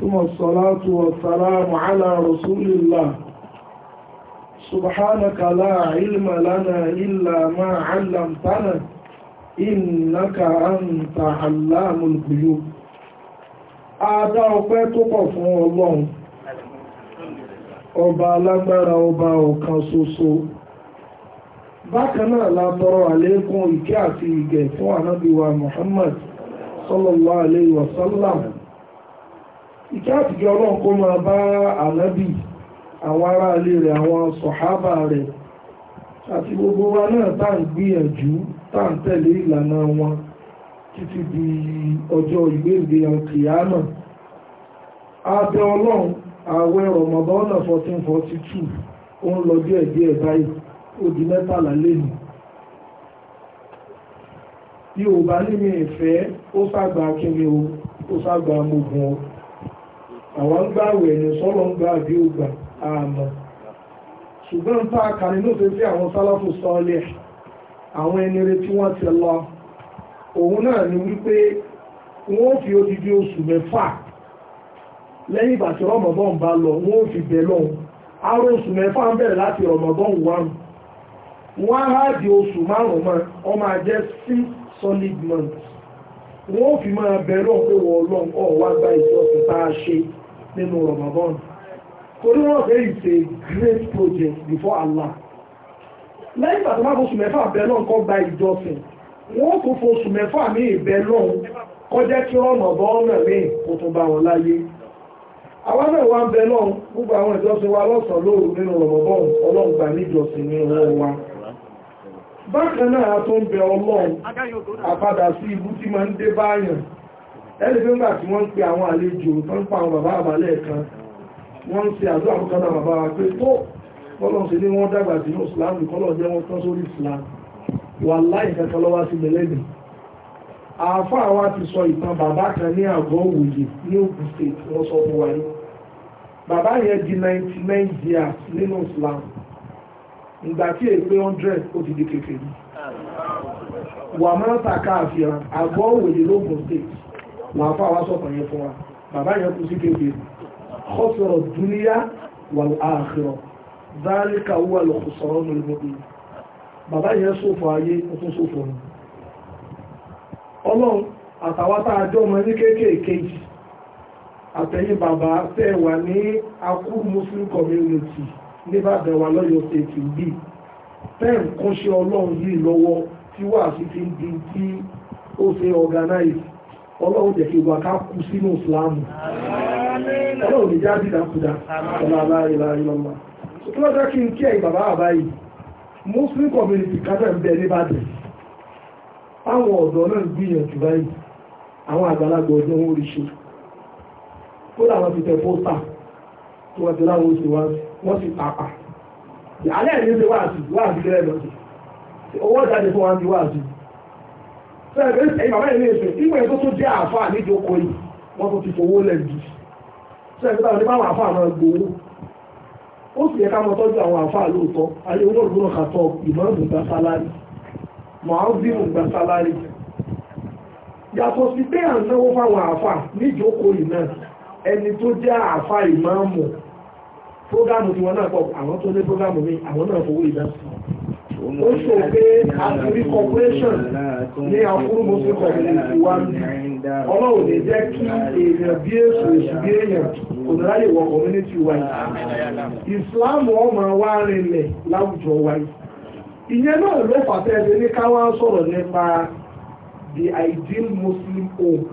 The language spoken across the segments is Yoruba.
ثم الصلاة والسلام على رسول الله سبحانك لا علم لنا إلا ما علمتنا إنك أنت علام الغيوب Adá ọpẹ́ tó pọ̀ fún Ọlọ́run, ọba alágbára ọba ọ̀kan ṣoṣo. Bákan náà la tọrọ àlékún ìkẹ́ àti ìgẹ̀ fún ànábì wa Muhammad sallallahu alayhi ìkẹ́ àtìkẹ́ ọlọ́run kó máa bá ànábì àwọn ará ilé rẹ̀ àwọn sọ̀hábà rẹ̀ àti gbogbo wa náà tá à ń gbìyànjú tá à ń tẹ̀lé ìlànà wọn títí di ọjọ́ ìgbéǹde àkìyámà abẹ ọlọ́run ààwẹ̀ rọmọbọ́nà 1442 ó ń lọ díẹ̀ díẹ̀ báyìí ó di mẹ́tàlá lẹ́nu yorùbá ní mi ìfẹ́ ó ságbà kí mi o ó ságbà mogun o àwọn ń gbá àwẹ̀ ẹ̀nù sọ́lọ́ ń gbá àbí ògbà àmọ́ ṣùgbọ́n tá a kà nínú fèsì àwọn sálàfù sọ́ọ̀lẹ̀ àwọn ẹni retí wọ́n ti lọ òun náà ni wípé wọ́n fi odidi oṣù mẹ́fà lẹ́yìn ìgbà tí rọmọbọ́n bá lọ wọ́n fi bẹ̀ lọ́hùn aró oṣù mẹ́fà ń bẹ̀rẹ̀ láti rọmọbọ́n wọ́n wọ́n á di oṣù márùn-ún ó máa jẹ́ six solid months wọ́n fi máa bẹ̀ lọ́hùn pé wọ́n ọlọ́run ọ̀ wá gba ìjọsìn tá a ṣe nínú Ramadan torí wọ́n fẹ́ ìṣe great project before Allah lẹ́yìn ìgbà tó bá fóṣù mẹ́fà bẹ́ẹ̀ náà kọ́ gba ìjọsìn wọ́n tó fóṣù mẹ́fà ní ìbẹ́ náà kọjá kí Ramadan náà ní kó tó bá wọn láyé àwọn náà wá ń bẹ náà gbogbo àwọn ìjọsìn wa lọ́sàn-án lóru nínú Ramadan ọlọ́run gbà níjọsìn ní ọwọ́ wa bákan náà tó ń bẹ ọlọ́run àpadà sí ibú tí máa ń dé báyàn ẹni pé ńgbà tí wọ́n ń pe àwọn àlejò tó ń pa àwọn bàbá àbálẹ̀ kan wọ́n ń ṣe àdó àkọ́kọ́dá bàbá wa pé tó kọ́lọ̀ ṣe ní wọ́n dàgbà sínú Islam kọ́lọ̀ jẹ́ wọ́n tán sórí Islam wà láì kankan lọ́wọ́ sí mẹ́lẹ́dì àáfà wa ti sọ ìtàn bàbá kan ní àgọ́ òwòye ní Ògùn state wọ́n sọ fún wa ní bàbá yẹn di 99 years nínú Islam ìgbà tí èpè 100 ó ti di kékeré wà mọ́ta káàfin àgọ́ òwòye lógùn state wọn fún àwọn sọ̀tàn yẹn fún wa bàbá yẹn kú sí kéde khasara dunya wal akhirah dhalika huwa al-khusran al-mubin bàbá yẹn ṣòfò ayé ó tún ni ọlọ́run àtàwátá àjọ ọmọ ní kéékèèké yìí àtẹ̀yìn bàbá tẹ̀ wà ní akú muslim community níbàdàn wà lọ́yọ̀ state bíi tẹ́ẹ̀m kúnṣe ọlọ́run yìí lọ́wọ́ tí wàá sí ń di tí ó ṣe organize ọlọ́run jẹ́ kí wà ká kú sínú ìsìláàmù ọlọ́run ní jáde dákúdá ọlá aláìlá ìlọ́mà tó lọ́jọ́ kí n kí ẹ̀yìn bàbá àbá yìí muslim community kájọ̀ ń bẹ níbàdàn àwọn ọ̀dọ́ náà gbìyànjú báyìí àwọn àgbàlagbà ọdún wọn rí ṣe kó làwọn ti tẹ pósítà tó wọ́n ti láwọn oṣù wọ́n sì pàpà alẹ́ ìdíje wáàsì wáàsì gẹ́rẹ́ lọ́sì owó jáde fún wa ń di wáàsì fẹ́ẹ̀rẹ́ ẹ̀yìn bàbá ìlú èso ìwé tó tó jẹ́ àáfàá níjókòó yìí wọ́n tó ti fowó lẹ́bi fẹ́ẹ̀rẹ́ táwọn oníbàwọn àáfàá máa gbowó ó sì yẹ ká mọ tọ́jú àwọn àáfàá lóòótọ́ ayé olóògbé náà kàtọ́ ìmọ̀ọ́dún gba sálárì mọ̀ọ́dún gba sálárì yàtọ̀ sí pé à ń náwó fáwọn àáfàá níjókòó yìí náà ẹni tó jẹ́ àáfàá ìmáàmù prógámù tiwọn náà pọ̀ àwọn tó ní prógámù mi àwọn náà fowó ìdásí ó sọ pé àgbèrè corporation ní àfúrú muslim community wa ọlọ́run lè jẹ́ kí èèyàn bí èso èso bí èèyàn kò ní láyè wọ community wa islam ọmọ wa rinlẹ̀ láwùjọ wa ìyẹn náà ló fàtẹ́ ẹgbẹ́ ní ká wá sọ̀rọ̀ nípa the ideal muslim home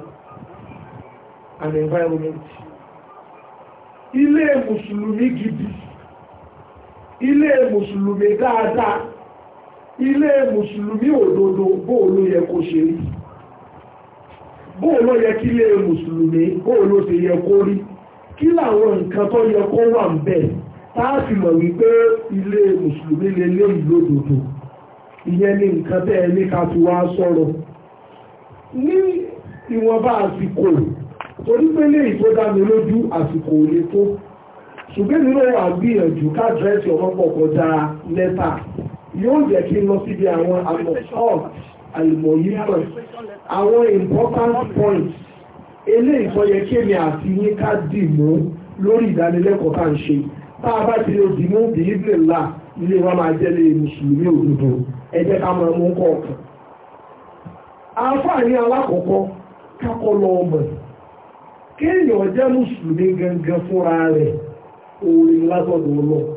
and ilé mùsùlùmí òdodo bóò ló yẹ kó ṣe rí bóò ló yẹ kí ilé mùsùlùmí bóò ló ṣe yẹ kó rí kí làwọn nǹkan tó yẹ kó wà ń bẹ̀ táàfì mọ̀ wípé ilé mùsùlùmí lè lé ìlódodo ìyẹn ní nǹkan tẹ́ ẹ ní ká fi wá sọ̀rọ̀ ní ìwọ̀nba àsìkò torí pé lè tó mi lójú àsìkò òní tó ṣùgbọ́n mi ló ká dírẹ́sì ọmọ kọjá lẹ́tà yóò jẹ́ kí lọ síbi àwọn àmọ̀fọ́ọ̀t àlùmọ̀yímọ̀ àwọn important points eléyìí tó yẹ kémi àti yín ká dì mú lórí ìdánilẹ́kọ̀ọ́ tá à ń ṣe tá a bá ti lè dì mú bí ibùdó ńlá ilé wa máa jẹ́ lè mùsùlùmí òdodo ẹ jẹ́ ká máa mú kọ̀ọ̀kan. àǹfààní alákọ̀ọ́kọ́ kákọ́ lọ ọmọ kéèyàn jẹ́ mùsùlùmí gangan fúnra rẹ̀ òun ni lásọ̀dọ̀ ọlọ́ọ̀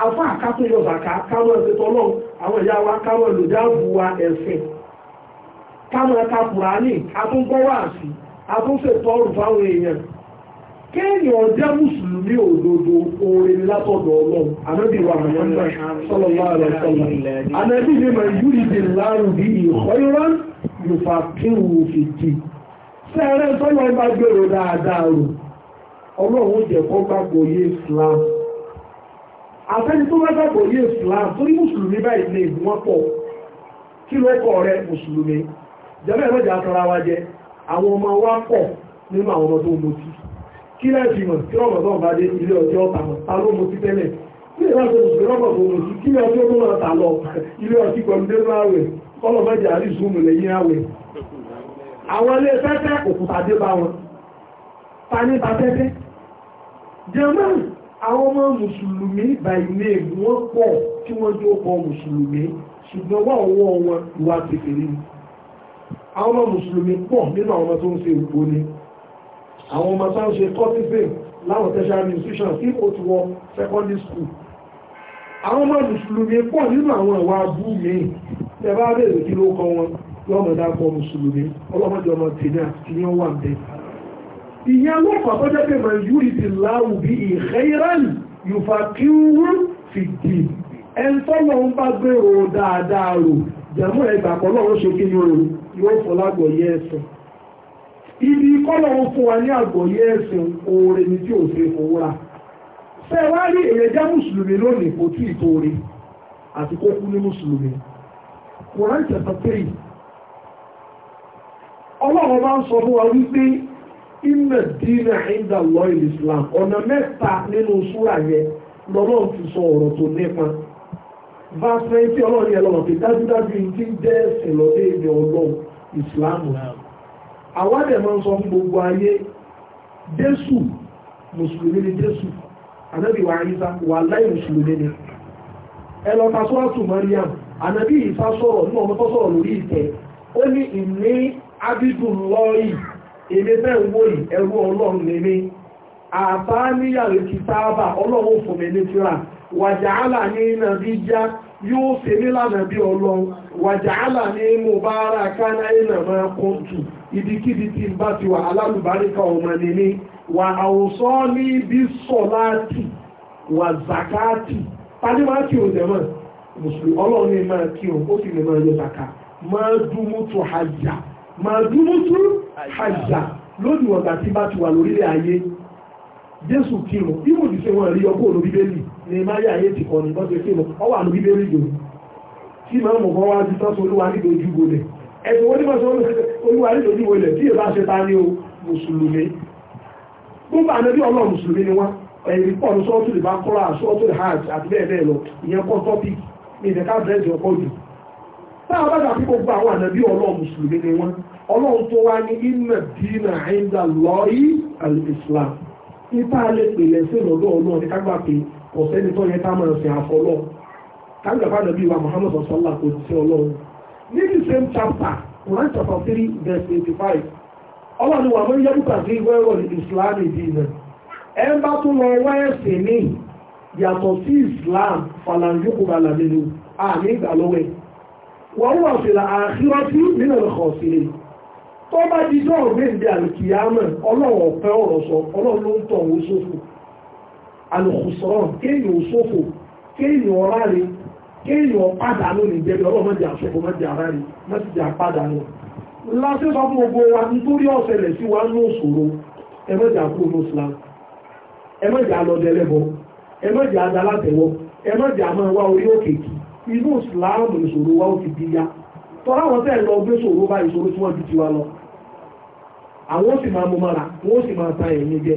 àfá àkátúnyọ bàkà káwọn ẹ̀sẹ̀ tọ́lọ́ àwọn ìyá wa káwọn ìlòjáàbù wa ẹ̀sìn káwọn ẹ̀ka kùránì atúnkọ́wàásì atúnṣètò ọrùn fáwọn èèyàn kéèyàn jẹ́ mùsùlùmí òdodo oore látọ̀dọ̀ ọlọ́run anábì wa Muhammad sallallahu alaihi wasallam anábì ní mà yúri di láàrùn bí khayran yufaqihu fìdí sẹ́ẹ̀rẹ́ tọ́lọ́ bá gbèrò dáadáa rò ọlọ́run jẹ́ kó gbàgbọ́ yé Islam àtẹ́ni tó bá gbàgbọ́ yé islam torí mùsùlùmí báyìí lè mú wọn pọ̀ kí ló kọ́ rẹ mùsùlùmí jẹ́mẹ́ ìrọ́jà àtọ́ra wa jẹ àwọn ọmọ wa pọ̀ nínú àwọn ọmọ tó ń mutí kí láì fi mọ̀ kí ọmọ tó ń bá dé ilé ọjọ́ tàmọ̀ ta ló mutí tẹ́lẹ̀ kí lè láti mùsùlùmí ọmọ tó ń mutí kí lè ọjọ́ tó máa tà lọ ilé ọtí gbọmdé láwẹ̀ kọ́lọ̀ mẹ́jẹ̀ àrí zoomu lè yín àwọn ọmọ mùsùlùmí bàìlè wọ́n pọ̀ tí wọ́n jó kọ mùsùlùmí ṣùgbọ́n wà ọwọ́ wọn ìwà kékeré ni àwọn ọmọ mùsùlùmí pọ̀ nínú àwọn ọmọ tó ń ṣe òpó ni àwọn ọmọ tó ń ṣe cultivate láwọn tertiary institution tí ó ti wọ secondary school àwọn ọmọ mùsùlùmí pọ̀ nínú àwọn ìwà abú míì tẹ bá bèèrè kí ló kọ wọn lọ́mọdé akọ mùsùlùmí ọlọ́mọdé ọmọ tèmi àti yẹn wà bẹ́ẹ̀ ìyẹn lọ́pàá tó jẹ́ pé màá yúrì ti láwù bí khairan yufaqihu fi ddin ẹni tọ́lọ̀ ń bá gbèrò dáadáa rò jẹ̀mú ẹgbà pọ̀lọ́run ṣe kí ni o yóò fọ́ lágbọ̀ọ́yé ẹ̀sìn ibi kọ́lọ́run fún wa ní àgbọ̀ọ́yé ẹ̀sìn oore ni tí ò ṣe fowó ra fẹ́ wá rí èyẹ jẹ́ mùsùlùmí lónìí kò tí ì tóore àti kó kú ní mùsùlùmí Kùránì chapter three ọlọ́run bá ń sọ fún wa wípé inna dina inda Allah islam na mẹta nínú sura yẹ lọ́lọ́ ti sọ ọrọ tó nípa verse 20 ọlọ́run yẹn lọ́wọ́ pé dájúdájú ti ń jẹ́ ẹ̀sìn lọ́dẹ èdè ọlọ́run islam gbogbo ayé jésù mùsùlùmí ni jésù anabi wa ayisa wa láì mùsùlùmí ni ẹ lọ mariam sọrọ ní ọmọ tó lórí abidun lọ́ọ̀yì èmi bẹ́ẹ̀ ń wò yìí ẹrú ọlọ́run lè àbá níyàwó ti sáábà ọlọ́run fún mi ní tíra wàjàálà ní nàbí já yóò ṣe nílànà bí ọlọ́run wàjàálà ní mo bá ara máa ibikíbi tí bá ti wà alálùbáríkà ọmọ ni wà àwòsọ ní bí sọláàtì wà máa kí o mùsùlùmí ọlọ́run ní máa kí o ó sì màdúmútú àjà lódì wọ̀gbà tí bá ti wà lórílẹ̀ ayé jésù kírun bí mo ti ṣe wọn rí ọkọ̀ olú bíbélì ní máyà ayé ti kọ́ ni bọ́ ṣe kírun ọ wà ní bíbélì yòó tí màá mọ̀ wọ́n wá ti sọ́sọ olúwa ní dojú bolẹ̀ ẹ̀sùn wọ́n ní mọ̀ sọ olúwa ní dojú bolẹ̀ tí èbá ṣe ta ní o mùsùlùmí gbogbo ànábì ọlọ́ọ̀ mùsùlùmí ni wọ́n ẹ̀rí pọ̀ ní sọ́ọ́tù lè bá kọ́ra sọ́ọ́tù lè hajj àti bẹ́ẹ̀ bẹ́ẹ̀ lọ ìyẹn kọ́ tọ́pì ní ìdẹ́ká bẹ́ẹ̀ táwọn bá dàbí gbogbo àwọn ọlọ́run mùsùlùmí ni wọ́n ọlọ́run tó ní dina inda Allahi al-Islam alẹ́ pèlẹ̀ sí lọ́dọ̀ ọlọ́run ní kágbà pé ọ̀sẹ́ni tó yẹ ká máa àfọlọ́ kágbà wa Muhammad sọ̀sọ́lá kò sí ọlọ́run ní the same chapter Quran verse eighty-five ọlọ́run wà mọ́ sí Islam wọ́n wà fìlà àkírọ́tí nínú ọ̀kọ̀ sílẹ̀ tó bá di jọ́ ògbéǹde àlùkìyàmọ̀ ọlọ́run ọ̀pẹ́ ọ̀rọ̀ sọ ọlọ́run ló ń tọ̀ òun sófò àlùkùsọ̀rọ̀ kéèyàn ò sófò kéèyàn ọ̀rá rẹ kéèyàn ọ̀padà ló ní jẹ́bi ọlọ́run mọ́jà àṣọ́fò mọ́jà ara rẹ mọ́jà àpadà lọ. láti sọ fún gbogbo wa nítorí ọ̀sẹ̀lẹ̀ sí wa ní òṣòro ẹ mọ́jà máa wá orí òkèkì inú ìsìláàmù ìṣòro wa ó fi di ya tọ́lá wọn tẹ́ lọ gbé ṣòro bá ìṣòro tí wọ́n ju tiwa lọ àwọn ó sì máa mú mara wọ́n ó sì máa ta ẹ̀yìn jẹ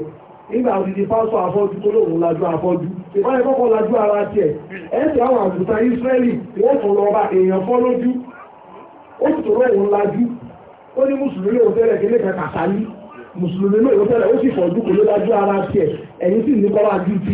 nígbà òdìdí pásọ afọ́jú tó lóun lajú afọ́jú ìbáyẹ̀ kọ́kọ́ lajú ara tiẹ̀ ẹ̀sìn àwọn àgùntà Ísírẹ́lì wọ́n tún lọ bá èèyàn fọ́ lójú ó sì tòrọ òun lajú ó ní mùsùlùmí lóun tẹ́lẹ̀ kí lẹ́kẹ̀ẹ́ kàṣálí mùsùlùmí lóun tẹ́lẹ̀ ó sì fọ́jú kò ló lajú ara tiẹ̀ ẹ̀yìn sì ní kọ́lá ju ti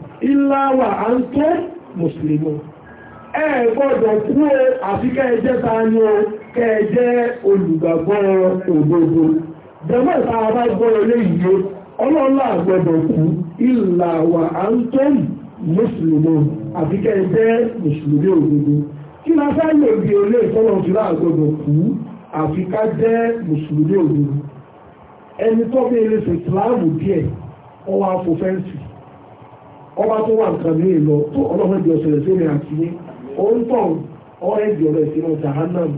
ìláwà à ń tó mùsùlùmí ẹ gbọ́dọ̀ kú o àfi kẹ́ẹ̀jẹ́ ta ni o kẹ́ẹ̀jẹ́ olùgbàgbọ́ òdodo jẹ́mọ́ ìta bá gbọ́ eléyìí ọlọ́lá gbọ́dọ̀ kú ìláwà à ń tó mùsùlùmí àfi kẹ́ẹ̀jẹ́ mùsùlùmí òdodo kí la fẹ́ lè bí olè ìtọ́lọ̀ tí láà gbọ́dọ̀ kú àfi ká jẹ́ mùsùlùmí òdodo ẹni tó bí ilé sèkìláàmù díẹ̀ ọwọ́ afọfẹ́ǹsì ọba tó wà nǹkan ní ìlọ tó ọ̀sẹ̀rẹ̀ sí ní àti ní oúntàn ọ̀rẹ́ ọ̀rẹ́ sí ní jahannam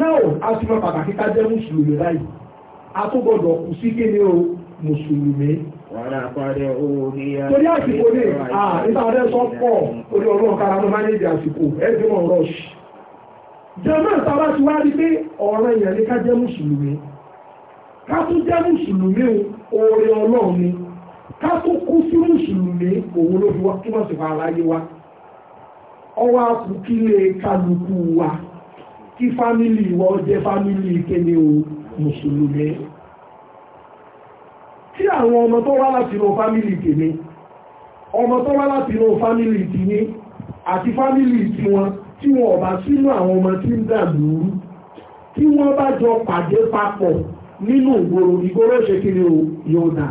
náà a ti máa pàtàkì ká jẹ́ mùsùlùmí o mùsùlùmí. torí àsìkò ní à sọ pọ̀ ọlọ́run kára ló máa ń àsìkò wọn jẹ́mọ́ ìtawá ti wá rí pé ká tó kú sí mùsùlùmí òun ló fi wá túmọ̀ sí fara láyé wa ọwọ́ àpò kí lè kálukú wa kí fámìlì wa ó jẹ́ fámìlì kéde o mùsùlùmí tí àwọn ọmọ tó wá láti inú fámìlì tèmi ọmọ tó wá láti inú fámìlì tìyín àti fámìlì tiwọn tí wọn ọba sínú àwọn ọmọ tí ń dà lóru tí wọ́n bá jọ pàdé papọ̀ nínú ìgboro ìgboro ṣe yóò dà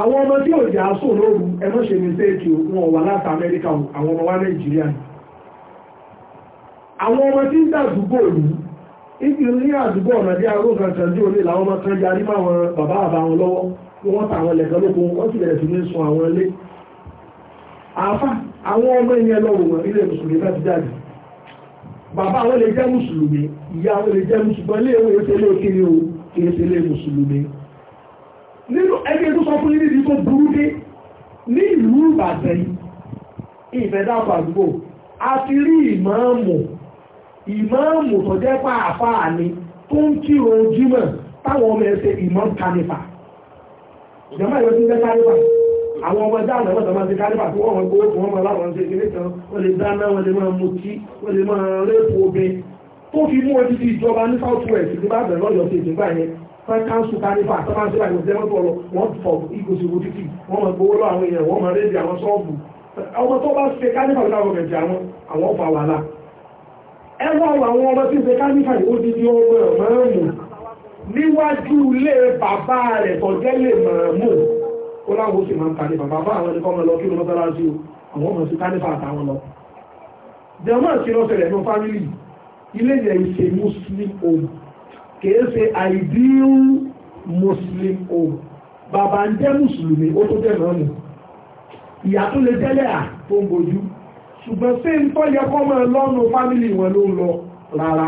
àwọn ọmọ tí ò jẹ́ aṣò lóru ẹ̀mọ́ ṣe ní sẹ́ẹ̀kì wọn wà láti amẹ́ríkà àwọn ọmọ wa nàìjíríà àwọn ọmọ tí ń dàdúgbò òlù ibi ní àdúgbò ọ̀nà bí arúgbó kan tẹ̀lé òní làwọn ọmọ kan yarí máa wọn bàbá àbá wọn lọ́wọ́ wọ́n ta àwọn lẹ̀kẹ́ lókun wọ́n sì bẹ̀rẹ̀ sí ní sun àwọn ilé nínú ẹgbẹ́ tó sọ fún níbi tó burú dé ní ìlú Ìbàdàn yìí ìfẹ́dàpọ̀ àdúgbò a ti rí ìmáàmù ìmáàmù tó jẹ́ pàápàá ni tó ń kí ojúmọ̀ táwọn ọmọ ẹsẹ̀ ìmọ̀ kanifa ìjọba ìwé tí ń jẹ́ kanifa àwọn ọmọ dáàmù ẹgbẹ́ tó máa ti kanifa tí wọ́n gbowó fún ọmọ aláwọ̀ ṣe kéré kan wọ́n lè dáná wọ́n lè máa mutí wọ́n lè máa rẹ́pù obìn tó fi mú odidi ìjọba ní south west ní bá bẹ̀rẹ̀ lọ́yọ̀ọ́ fẹ́ káńsù kánífà tó máa ń sílẹ̀ ìwọ̀n tẹ́lẹ̀ bọ̀lọ̀ wọ́n fọ̀ ìgòsì wo títì wọ́n máa gbowó lọ àwọn èèyàn wọ́n máa rédí àwọn sọ́ọ̀bù ọmọ tó bá ṣe kánífà láwọn ọ̀gẹ̀dẹ̀ àwọn àwọn ọ̀fà wàhálà ẹ wọ́n àwọn ọmọ tí ń ṣe kánífà ó di di ọmọ mọ́ọ̀mù níwájú ilé bàbá rẹ̀ tọ́jẹ́ lè mọ̀ọ́mù ó láwọn ó sì máa ń kánífà bàbá àwọn ẹnìkan lọ kí ló mọ́sálásí o àwọn ọmọ sí kánífà àtàwọn lọ jẹ́mọ́ ìṣẹ́lọ́sẹ̀rẹ̀ ní fámìlì ilé yẹn ìṣe muslim home kìí ṣe ideal muslim home bàbá ń jẹ́ mùsùlùmí ó tó jẹ́ mọ́mù ìyá tó lè jẹ́lẹ̀ à tó ń bojú ṣùgbọ́n sí ń tọ́ yẹ kọ́mọ lọ́nu fámìlì wọn ló ń lọ rárá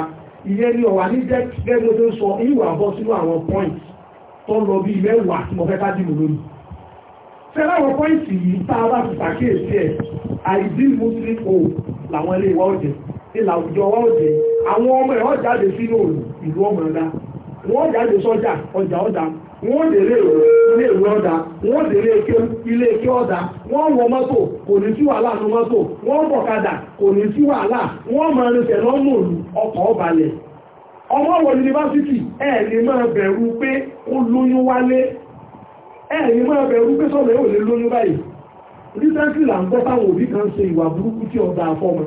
ìyẹn ni ọ̀wà ní jẹ́ gẹ́gẹ́ tó sọ ìwà bọ́ sínú àwọn point tó lọ bí mẹ́wàá tí mo fẹ́ ká dìbò lónìí fẹ́rẹ́ àwọn point yìí tá a bá ti ṣàkíyèsí ẹ̀ ideal muslim home làwọn ilé wa ó jẹ ilà àwùjọ wa ó àwọn ọmọ ẹ̀ wọ́n jáde sínú ìlú ọmọ ẹ̀dá ọjà jáde sọ́jà ọjà wọn wọ́n délé ilé ìwé ọ̀dà wọ́n délé ilé ike ọ̀dà wọ́n wọ mọ́tò kò ní sí wàhálà ní mọ́tò wọ́n bọ̀kadà kò ní sí wàhálà máa ń ọkọ̀ ọmọ wọ yunifásitì máa bẹ̀rù pé ó lóyún wálé máa bẹ̀rù pé là ń gbọ́ táwọn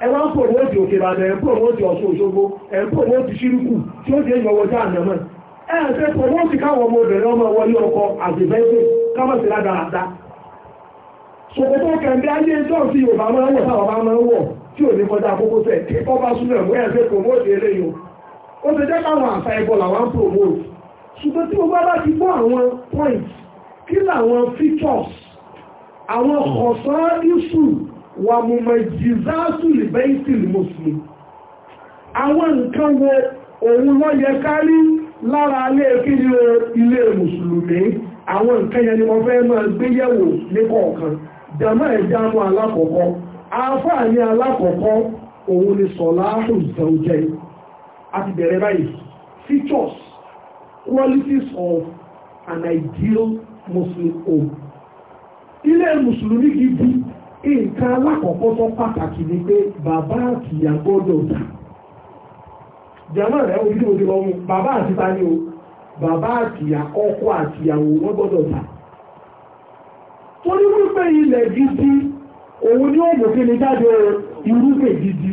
ẹwà ń pòmóòtì òkè ìbàdàn ẹ̀ ń pòmóòtì ọ̀ṣun òṣogbo ẹ̀ ń pòmóòtì ṣírùkù tí ó jẹ́ ìyọwọ́ já àjẹmọ́ ẹ̀ ń fẹ́ pòmóòtì káwọn ọmọ obìnrin ọmọ wọlé ọkọ àgbẹ̀fẹ́sẹ̀ kámọ̀sí ládàáda ṣòkòtò kẹ̀ǹdé ayé ẹjọ́ sí yorùbá máa ń wọ̀ táwọn bá máa ń wọ̀ tí ò ní kọjá kókó sẹ̀ kí kọ́ bá súnmọ̀ ẹ̀mú ẹ̀ fẹ́ pòmóòtì eléyìí ó ti jẹ́ káwọn àṣà ẹbọ làwọn pòmóòtì ṣùgbọ́n tí gbogbo bá ti gbọ́ àwọn points kí làwọn features àwọn ọ̀sán issue wà mú mọ̀ jìzáàtù lìbẹ́ìtìlì mùsùlùmí àwọn nǹkan wo òun wọ́n yẹ kárí lára alẹ́ kíni ilé mùsùlùmí àwọn nǹkan yẹn ni wọ́n fẹ́ máa gbé yẹ̀wò ní kọ̀ọ̀kan jàmọ́ ẹ̀já mú alákọ̀ọ́kọ́ àáfàá ní alákọ̀ọ́kọ́ òun ni sọ̀láhù zẹ̀ọ̀jẹ́ àti bẹ̀rẹ̀ báyìí features qualities of an ideal Muslim home ilé mùsùlùmí gidi nǹkan alákọ̀ọ́kọ́ tó pàtàkì ni pé bàbá àtìyà gbọ́dọ̀ dà jàmọ́ rẹ̀ ojú ojú lọ mú bàbá àti ta ni o bàbá àtìyà ọkọ àtìyàwó wọ́n gbọ́dọ̀ dà torí wípé ilẹ̀ gidi òun ni ó mú kí ni jáde irúgbìn gidi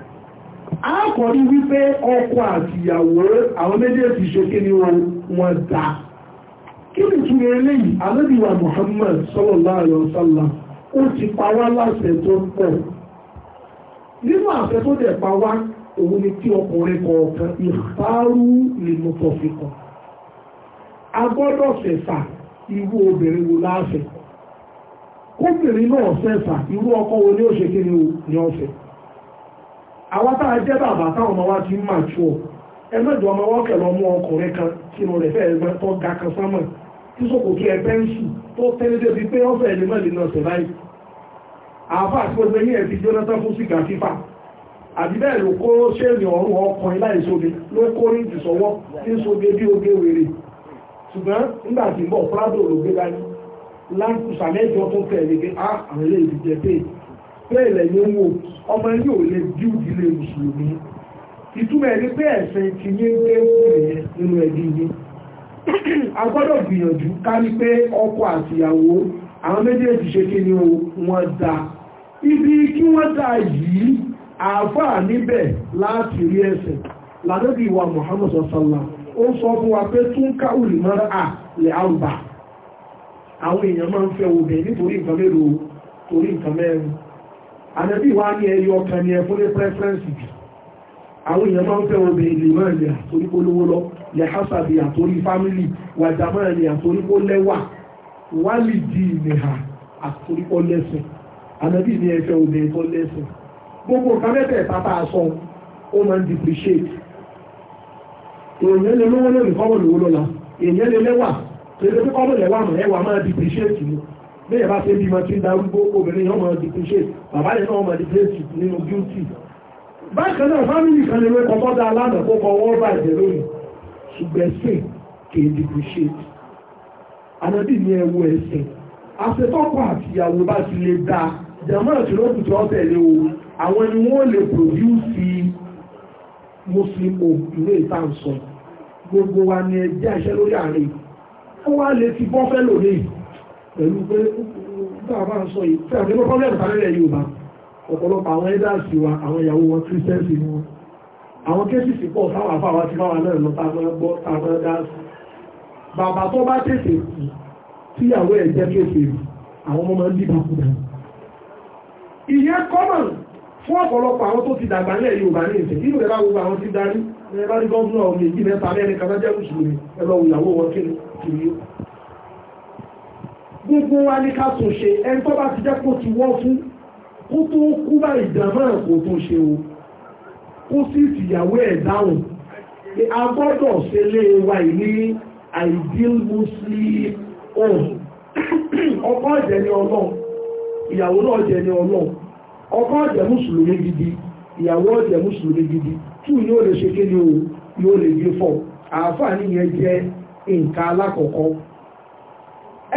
a kọ̀ rí wípé ọkọ àti ìyàwó àwọn méjèèjì ṣe kí ni wọ́n dá kí ni túnmọ̀ eléyìí alẹ́bíwà Muhammad sallallahu alaihi wasallam ó ti pa wá láṣẹ tó ń pọ̀ nínú àṣẹ tó dẹ̀ pa wá òun ni kí ọkùnrin kọ̀ọ̀kan ìfárú lèmọ̀tọ̀ fi kàn a gbọ́dọ̀ fẹ̀fà irú obìnrin wo láàfẹ́ kóbìnrin náà fẹ̀fà irú ọkọ wo ni ó ṣe kí ni ó ní ọ̀fẹ́ awata táà jẹ́ bàbá wa ti ń máa tú ọ ọmọ wọn kan kí inú rẹ̀ fẹ́ ẹgbẹ́ tó ga kan sánmọ̀ tí sòkòtò ẹ pẹ́ńsù tó tẹ́lẹ̀ débi pé ọ̀fẹ́ ẹ̀lẹ́ mẹ́lẹ̀ náà sẹ̀ àáfà àti gbogbo ẹ̀yìn ẹ̀ Jonathan fún sìgá fífà àti bẹ́ẹ̀ ló kó ṣéèlì ọkùnrin oge wèrè ṣùgbọ́n nígbà bẹ́ẹ̀ lẹ́yìn owó ọmọ yóò lè bí ìdílé mùsùlùmí ìtumọ̀ ẹni pé ẹ̀sìn ti yé ń gbé nínú ẹbí yín a gbìyànjú ká ní pé àtìyàwó àwọn méjèèjì ṣe kí ni wọ́n dá ibi kí wọ́n dá yìí àáfàá níbẹ̀ láti rí ẹsẹ̀ lànàbí wa Muhammad ó sọ fún wa pé tún mọ́ra à lè àrùbà àwọn èèyàn máa ń fẹ́ obìnrin nítorí nǹkan àdẹ́bí wá ní ẹyọ ọkàn ni ẹ̀fún ní preference bì àwọn èèyàn máa ń fẹ́ obè ilé máa ní àtorí polówó lọ lè hásàbí àtorí fámìlì wàjà máa ní àtorí kó lẹ́wà wálì di ìnìhà àtorí kó lẹ́sìn àdẹ́bí ní ẹfẹ́ obè tó lẹ́sìn gbogbo nǹkan mẹ́tẹ̀ tata aṣọ ó máa ń depreciate èèyàn lè lówó lórí fọ́bọ̀lù owó lọ́la èèyàn lè lẹ́wà tẹ̀lé fọ́bọ̀lù ẹ̀wà mọ̀ ẹ̀wà máa depreciate ni bẹ́ẹ̀ bá ṣe bímọ tí ń darúgbó obìnrin yọ́ mọ̀ dìkúṣe bàbá rẹ̀ náà mọ̀ dìkúṣe nínú beauty bákan náà fámìlì kan lè kọ́kọ́ dá aláàmì kó kọ wọ́n bá ìjẹ́ lónìí ṣùgbọ́n ẹ̀sìn kìí dìkúṣe ànábì ní ẹwu ẹ̀sìn àṣetọ́kọ̀ àtìyàwó bá ti lè dá jàmọ́ ìṣòro tí wọ́n tẹ̀lé o àwọn ẹni wọ́n lè pòdúsì muslim home ìwé ìtànsán gbogbo wa ni ẹjẹ́ àṣẹ lórí àárín ó wá lè ti bọ́fẹ́ lónìí pẹ̀lú pé bàbá ń sọ yìí tí àti pọ́blẹ́mù sálẹ́lẹ̀ Yorùbá ọ̀pọ̀lọpọ̀ àwọn ẹ́dàsì wa àwọn ìyàwó wọn kírísẹ́sì wọn àwọn kéṣìṣì pọ̀ sáwà fáwà tí fáwà náà lọ́ta máa gbọ́ táwọn dáàsì bàbá tó bá tètè kù tíyàwó ẹ̀ jẹ́ kéṣe àwọn ọmọ máa ń dìbò kù dáa ìyẹn kọ́mọ̀n fún ọ̀pọ̀lọpọ̀ àwọn tó ti dàgbà ní ẹ̀yìn òbá ní ìsìn nínú ẹ̀bá gbogbo àwọn ti darí ẹ̀bá rí gọ́ọ̀nà ọ̀gbìn ìgbìmẹ̀ta mẹ́rin kan jẹ́ mùsùlùmí ẹ̀lọ́wọ̀ ìyàwó wọn kiri kiri gbogbo wa ní ká tó ṣe ẹni tó bá ti jẹ́ kó ti wọ́ fún kó tó kú bá ìdàmọ́ kó tó ṣe o kó sì tìyàwó ẹ̀ dáhùn a gbọ́dọ̀ ṣe lé wa ìní ideal muslim home ọkọ ọ̀jẹ̀ ni ọlọ́run ìyàwó náà jẹ́ ni ọlọ́run ọkọ ọ̀jẹ̀ mùsùlùmí gidi ìyàwó ọ̀jẹ̀ mùsùlùmí gidi tún yóò lè ṣe kí ni o yóò lè gbé fọ́ àáfàá nìyẹn jẹ́ nǹkan alákọ̀ọ́kọ́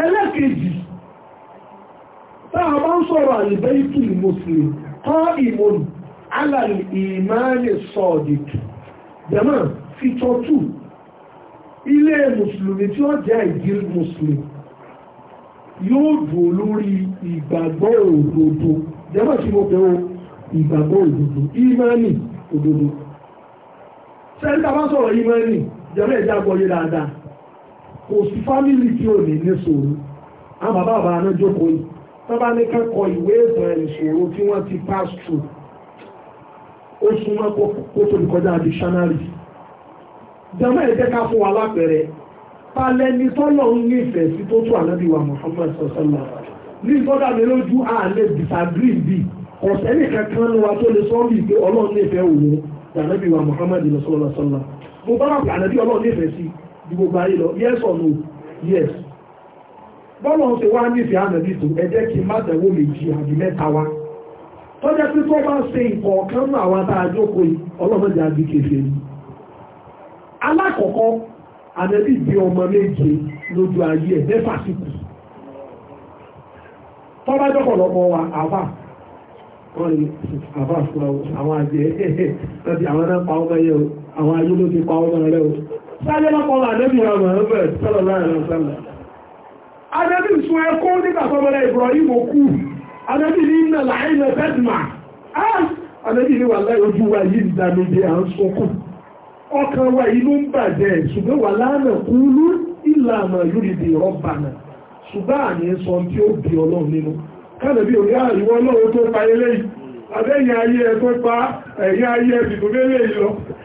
ẹlẹ́kejì táà bá ń sọ̀rọ̀ àlìbẹ́ìtì muslim tọ́ ìmọ̀nù alàlì ìmáàlì sọ̀ọ̀dìtù jẹ́mọ́ fìtọ̀ tù ilé mùsùlùmí tí ó jẹ́ ìgil muslim yóò dùn lórí ìgbàgbọ́ òdodo jẹ́mọ́ tí mo bẹ̀rù ìgbàgbọ́ òdodo ìmáàlì òdodo sẹ́ńtà bá sọ̀rọ̀ ìmáàlì jẹ́mọ́ ẹ̀jẹ̀ àgbọ̀yé dáadáa kò sí fámìlì tí ò ní ní sòrò àwọn bàbá bàbá náà jókòó yìí wọ́n ní kẹ́kọ̀ọ́ ìwé ìtàn tí wọ́n ti pass through ó kó tó lè kọjá dictionary jama ẹ̀jẹ̀ ká fún wa lápẹẹrẹ palẹ́ni tọ́lọ̀ ń sí tó Muhammad ní mi lójú àlẹ́ disagree kankan wa tó lè Muhammad mo bá wà pé ju gbogbo ayé lọ yes or no yes bọ́lọ̀ ṣe wá nífẹ̀ẹ́ ànàbí tó ẹ kí n má tẹ̀wọ́ méjì àbí mẹ́ta wá tó jẹ́ pé tó bá ṣe ìkọ̀ọ̀kan àwọn ọlọ́mọdé alákọ̀ọ́kọ́ bí ọmọ méje lójú ayé ẹ̀ mẹ́fà tó bá jọ́kọ̀ láyé lọ́pọ̀lọ́ àdẹ́bì sun ẹkọ́ nígbàtọ́ bẹ̀rẹ̀ Ibrahim kú, adẹ́bì ní iná láìlẹ̀ Bẹ́tìmà, adẹ́bì ní wà láì ojú wa yìí à ń sọkù. Ọkàn wa inú ń bàjẹ́ ṣùgbọ́n wà lánà kúlú ìlànà lórídì rọ́bànà, ṣùgbọ́n àní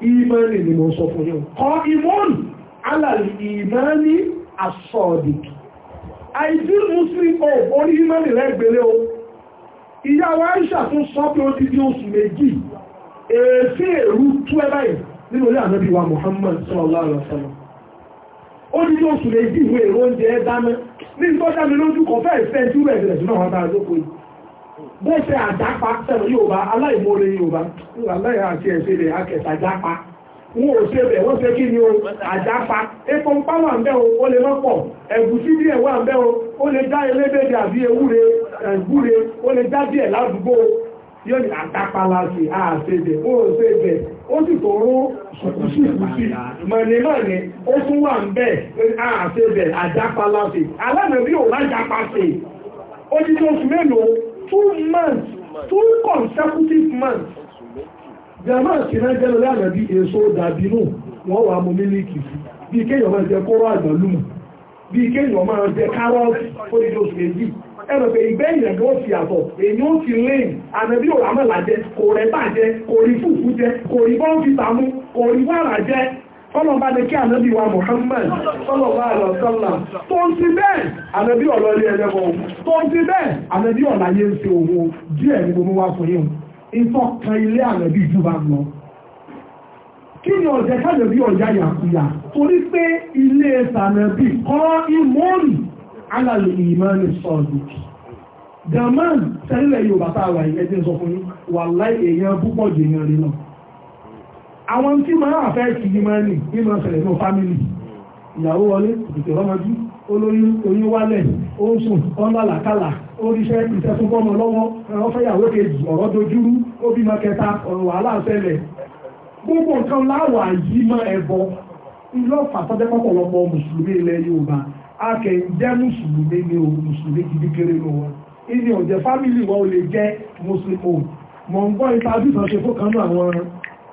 ìmánì ni mo sọ fún yóò kọ́ ìmọ́nì alàlì ìmánì asọ́ọ̀dìkì àìsí muslim o orí ìmánì lẹ́gbẹ̀lẹ́ o ìyá wa ń ṣàtún sọ pé ó ti di oṣù méjì èéfì èrú tú ẹ báyìí nínú ilé ànábì Muhammad sallallahu alaihi wasallam ó ní ní oṣù méjì ìwé èrò oúnjẹ dáná ní ìtọ́jà mi lójú kọfẹ́ ìfẹ́ ìtúrẹ̀ ìrẹ̀sùn bẹ́ẹ̀ṣẹ̀ àjápa sẹ́nu aláìhà àti rẹ̀ ò ṣe bẹ̀ wọ́n ṣe kí ni o àjápa epo ń pàwà ń o ó lè mọ́pọ̀ ẹ̀gúsí díẹ̀ o ó lè já elébèdè àbí ewúre ẹ̀gúre ó lè já díẹ̀ ládùúgbò yóò ní àjápa láti àṣẹ bẹ̀ ṣe bẹ̀ ó sì ṣùkúṣùkúṣì mọ̀nìmọ̀nì ó tún wà ń bẹ̀ àṣẹ bẹ̀ àjápa láti alẹ́ two months two consecutive months jama kìnnà jẹ́ lórí àgbàbí èso dàbí nù wọ́n wà mú mílíkì sí bí kéèyàn máa jẹ kóró àgbàlùmọ̀ bí kéèyàn máa jẹ kárọ́ọ̀tì fórídìí oṣù fi èyí ó ti lé ànàbí òràmọ̀là jẹ kò rẹ̀ bàjẹ́ kò rí fùfú jẹ kò rí bọ́ǹfìtà kò rí wàrà kọ́lọ̀ bá ní kí ànábì wa Muhammad kọ́lọ̀ bá lọ sọ́lá tó ń ti bẹ́ẹ̀ ànábì ọ̀lọ́lé ẹlẹ́wọ̀n tó ń ti bẹ́ẹ̀ ànábì ọ̀láyé ń ṣe òun díẹ̀ ní gbogbo wa fún yín ìtọ́ kan ilé ànábì jù bá lọ kí ni ọ̀jẹ̀ kájọ̀bí ọ̀já yàkúyà torí pé ilé sànábì kọ́ ìmọ̀ọ́nì alàlè ìmọ̀ọ́nì sọ̀dù dàmán sẹ́lẹ̀ Yorùbá tá a wà ìyẹ́jẹ́ sọ fún yín wà láì èèyàn púpọ̀ jù èèyàn rí náà àwọn tí máa àfẹ́ ti di máa nì nínú ọ̀sẹ̀lẹ̀ náà fámìlì ìyàwó wọlé ìpìtẹ̀ ọmọdé olóyún oyún wálẹ̀ ó ń sùn ọ̀nàlàkàlà ó ríṣẹ́ ìṣẹ́ tó bọ́mọ lọ́wọ́ ọ̀fẹ́yàwó kejì ọ̀rọ̀ dojúrú ó bímọ kẹta ọ̀rọ̀ wàhálà ṣẹlẹ̀ gbogbo nǹkan láwà yìí mọ ẹbọ ìlọ́pàá tọ́jẹ́ pọ̀pọ̀lọpọ̀ mùsùlùmí ilẹ̀ Yorùbá akẹ̀jẹ́ mùsùlùmí ni o mùsùlùmí gidi kéré ló wọn ìní ọ̀jẹ̀ fámìlì wọn ò lè jẹ́ mùsùlùmí mọ̀ ń gbọ́ ìta bí ìtàn ṣe kan náà àwọn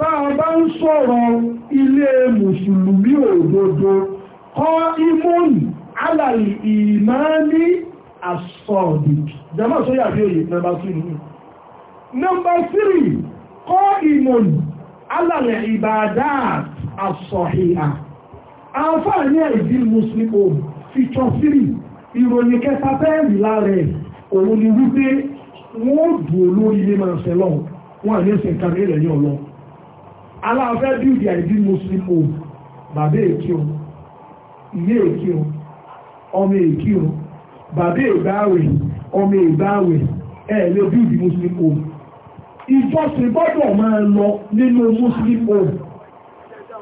tá a bá ń sọ̀rọ̀ ilé mùsùlùmí òdodo kọ́ ìmọ̀nì alàlì ìmáàní àsọ̀dì jama sóyà bí òye nọmba tírì nọmba tírì kọ́ ìmọ̀nì alàlì ìbàdà àsọ̀hìhà àǹfààní àìdí muslim home fìtọ̀ tírì ìròyìn kẹta bẹ́ẹ̀rì lára ẹ̀ òun ni wípé wọ́n dùn olórí ilé máa ń sẹ́lọ̀ wọn àní ẹ̀sìn kan ní ilẹ̀ yìí ọlọ́run aláàfẹ́ bíìdì àìdí muslim o bàbá èkí o ìyé èkí o ọmọ èkí o bàbá ìgbàwẹ̀ ọmọ ìgbàwẹ̀ ẹ̀ lè bíìdì muslim o ìjọsìn gbọ́dọ̀ máa lọ nínú muslim o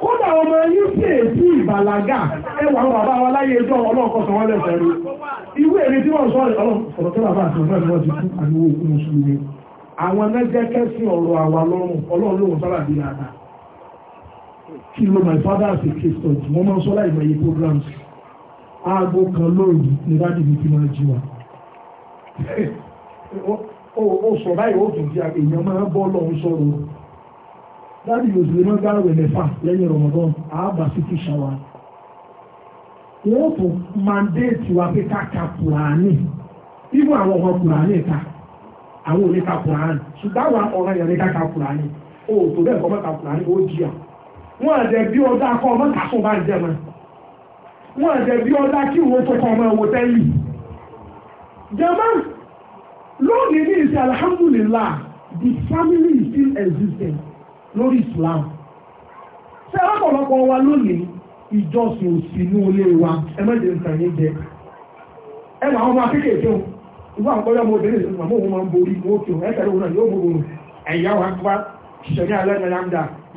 kódà ọmọ yìí sí èsì ìbàlágà ẹwà àwọn bàbá wa láyé ẹjọ́ ọlọ́ọ̀kọ́ sọ wọ́n lẹ́sẹ̀ rí ìwé èrè tí wọ́n sọ ọ̀rọ̀ tó bàbá àti ọ̀rọ̀ ìwọ́n ti kú àníwò òkú mùsùlùmí àwọn ẹgbẹ́kẹ́ sí ọ̀rọ̀ àwa lọ́rùn ọlọ́run lóhun sábàbí dáadáa kí ló my father as a case study wọ́n máa ń sọ láì mọ̀ye programs aago kan lóòrù ní dáàdì mi ti máa jí wa. ó sọ báyìí ó tún di èèyàn máa bọ́ lọ́hún sọ̀rọ̀ dáàdì yóò sì lè máa gbára wẹ̀lẹ̀ fà lẹ́yìn Ramadan àábà sí ti ṣàwà. wọ́n tún mandate wa pé ká ka Kùránì ibú àwọn ọmọ Kùránì ká àwọn òní ka Kùránì ṣùgbọ́n àwọn ọ̀rọ̀ yẹn ní ká ka Kùránì ó tó bẹ́ẹ̀ kọ́ mọ́ ka Kùránì ó jìyà wọ́n àjẹ́ bí ọdá akọ́ ọmọ kàtún bá ń jẹ mọ́ wọ́n àjẹ́ bí ọdá kí wọ́n tó kọ́ ọmọ ẹ̀wọ̀ tẹ́lì jẹ́mọ́ lónìí ní ìsìn alhamdulillah the family is still existing lórí Islam ṣé ọ̀pọ̀lọpọ̀ wa lónìí ìjọsìn òsínú ilé wa ẹ mẹ́jẹ̀ nǹkan yín jẹ ẹ máa wọn máa kéékèèké o ìgbà àpọ̀jọ́ ọmọ obìnrin ìsìn màmú òun máa ń borí òkè ẹ̀ẹ́dẹ̀rẹ̀ òun náà yóò mú òun ẹ̀yà wa pa ṣẹ̀rí alẹ́ nàìjíríà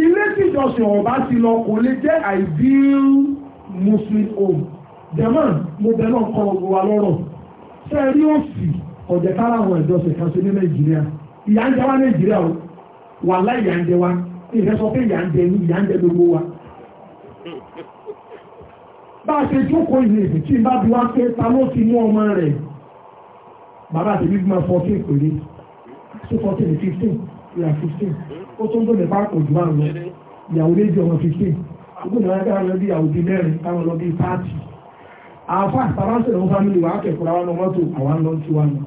ilé tíjọsìn ọ̀bá ti lọ kò lè jẹ́ ideal muslim home german mo bẹ̀ náà kọ́ ọ̀rọ̀ wa lọ́rọ̀ ṣe é rí òsì ọ̀jẹ̀ kára àwọn ìjọsìn kan ṣe ní nàìjíríà ìyà ń jẹ wá nàìjíríà o wà láì ìyà ń jẹ wá ìfẹ́ sọ pé ìyà ń jẹ ní ìyà ń jẹ gbogbo wa bá a ṣe jókòó ìlú èdè tí bá bí wá pé ta ló ti mú ọmọ rẹ̀ bàbá àti bíbí máa fourteen péré sí fourteen fifteen ìyà fifteen ó tún tó lè bá kò jù márùn lọ ìyàwó méjì ọmọ fifteen gbogbo ìlànà ẹgbẹ́ àwọn ẹbí ìyàwó bíi mẹ́rin táwọn lọ bíi pààtì àáfà àtàwọn ọmọ fámìlì wà á kẹ̀kọ́ ra wọn lọ mọ́tò àwọn lọ sí wa náà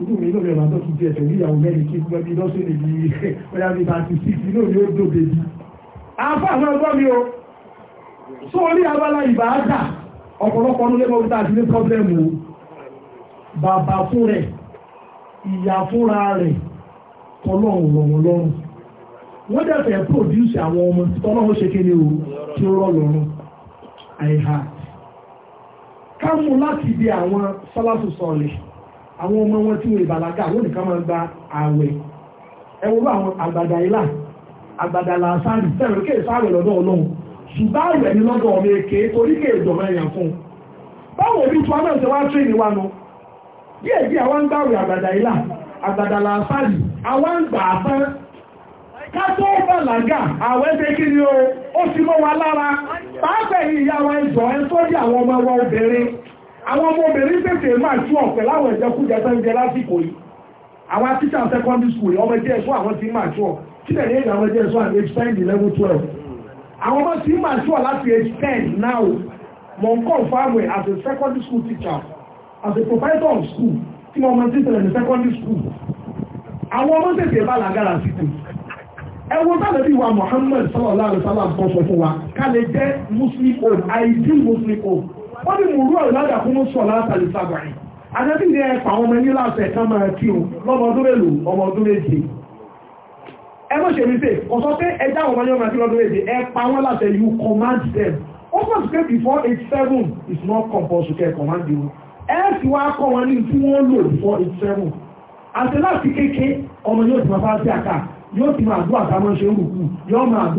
inú mi lórí ọ̀nà tó ti di ẹ̀fẹ̀ níyàwó mẹ́rin kí gbọ́n bí lọ́sọ̀ lè di ọ̀yà bíi thirty six inú mi ó dò bèbí. àáfà àwọn ọgbọ́n mi o sọ orí abala ìbáàdà ọ̀pọ̀lọpọ̀ ọdún lẹ́gbọ̀n tá a ti ní pọ́blẹ́mù o bàbá fún rẹ̀ ìyá fúnra rẹ̀ kọlọ́run rọ̀ wọ́n lọ́rùn wọ́n dẹ̀ fẹ́ pòdúsì àwọn ọmọ tọ́lọ́run ṣe kéde o tí ó rọ̀ lọ́rùn àìhà ká mú láti di àwọn sálásù sọ̀lẹ̀ àwọn ọmọ wọn tí wọ́n ìbàlágà wọ́n nìkan máa gba ààwẹ̀ ẹ wo àwọn àgbàdà ilà àgbàdà làásàrì sẹ́wọ̀n kéè sáwẹ̀ lọ́dọ̀ ọlọ́run ṣùgbọ́n àwẹ̀ ni lọ́dọ̀ ọmọ èké torí kéè dọ̀mọ́ èèyàn fún un báwo orí tí wọ́n náà ṣe wá tírì ní nu díẹ̀ díẹ̀ wọ́n ń gbàwẹ̀ àgbàdà ilà àgbàdà làásàrì àwọn ń gbà á tán kátó bàlágà àwọn ẹgbẹ́ kí ni o ó ti mọ́ wa lára pàápẹ̀yìn ìyá wa ìjọ ẹ sórí àwọn ọmọ wa obìnrin àwọn ọmọ obìnrin tètè máa tú ọ̀pẹ̀ láwọn ìjẹkújẹ tó ń jẹ lásìkò yìí àwọn tíṣà secondary school ọmọ ẹgbẹ́ ẹ̀ṣọ́ àwọn ti máa tú ọ tíṣà ní èdè àwọn ẹgbẹ́ ẹ̀ṣọ́ àti age twelve àwọn ọmọ ti máa tú ọ now mo ń kọ́ fáwọn as a secondary school teacher as a proprietor of school tí mo mọ títẹ̀lẹ̀ ní secondary school àwọn ọmọ tètè bàlágàrà síkù ẹwọ sábẹ̀bí wa Muhammad sallallahu alaihi wasallam sọ fún wa ká lè jẹ́ muslim home ideal muslim home wọ́n ní mùrú ọ̀làdà fún sọ̀lá àtàlẹ́ sábàáyì àjẹ́bí ni ẹ pa ọmọ yín láṣẹ ká máa kí o lọ́mọ ọdún mélòó ọmọ ọdún méje ẹ mọ̀ ṣe mi pé ọ̀sọ́ pé ẹ já ọmọ yín ọmọ ọdún méje ẹ pa wọn láṣẹ you command them ó pọ̀ sí pé before age seven is not compulsory kẹ́ command you ẹ sì wá kọ́ wọn ní tí lò before age seven àti láti kéke ọmọ yóò ti máa fásitì àká yóò ti máa yóò máa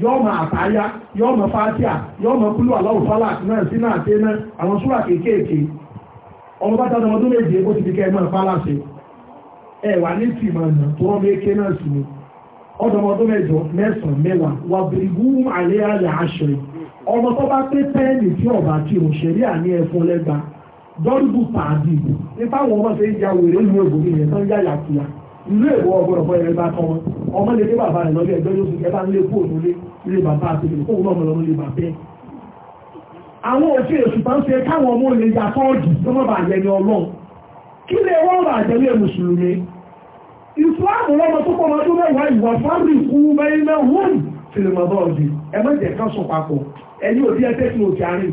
yóò máa àtàyà yóò máa fásitì yóò máa kúlù aláwọ̀ fálà náà sí náà tẹ́ náà àwọn súrà ọmọ bá ọdún méje ó ti di kẹ́ ẹ máa fálà ṣe ẹ wà ní tì máa nà tó ọmọ eke náà sì ni ọdún ọdún mẹ́jọ mẹ́sàn mẹ́wàá wà bìrìbù àlẹ́ àlẹ́ àṣẹ ọmọ tó bá pé tí ọ̀bà dọ́rùbù pàdé nípa àwọn ọmọ ṣe ń ya wèrè ìlú èbò mi yẹn tán yá yàkúyà ìlú èbò ọgbọ̀n ọ̀pọ̀ ẹ̀rẹ́ bá tán wọn ọmọ lè dé bàbá rẹ̀ lọ́dún ẹgbẹ́ lóṣù kẹta ń lé kó òun lé ilé bàbá àti ìlú kóun náà lọ́mọ lè bà bẹ́ẹ̀. àwọn òfin èṣù tán ṣe káwọn ọmọ lè ya tọ́ọ̀dù tó mọ̀ bàjẹ́ ní ọlọ́run kí lè wọ́n bàjẹ́ lé mùsùlùmí ìsìláàmù lọ́mọ tó kọ́mọ tó mẹ́wàá ìwà fárí ikú mẹ́rin náà wọ́n fìlìmọ̀ bọ́ọ̀dì ẹ má jẹ́ ká sùn papọ̀ ẹ̀yin òbí ẹ tẹ́sí òkè àárín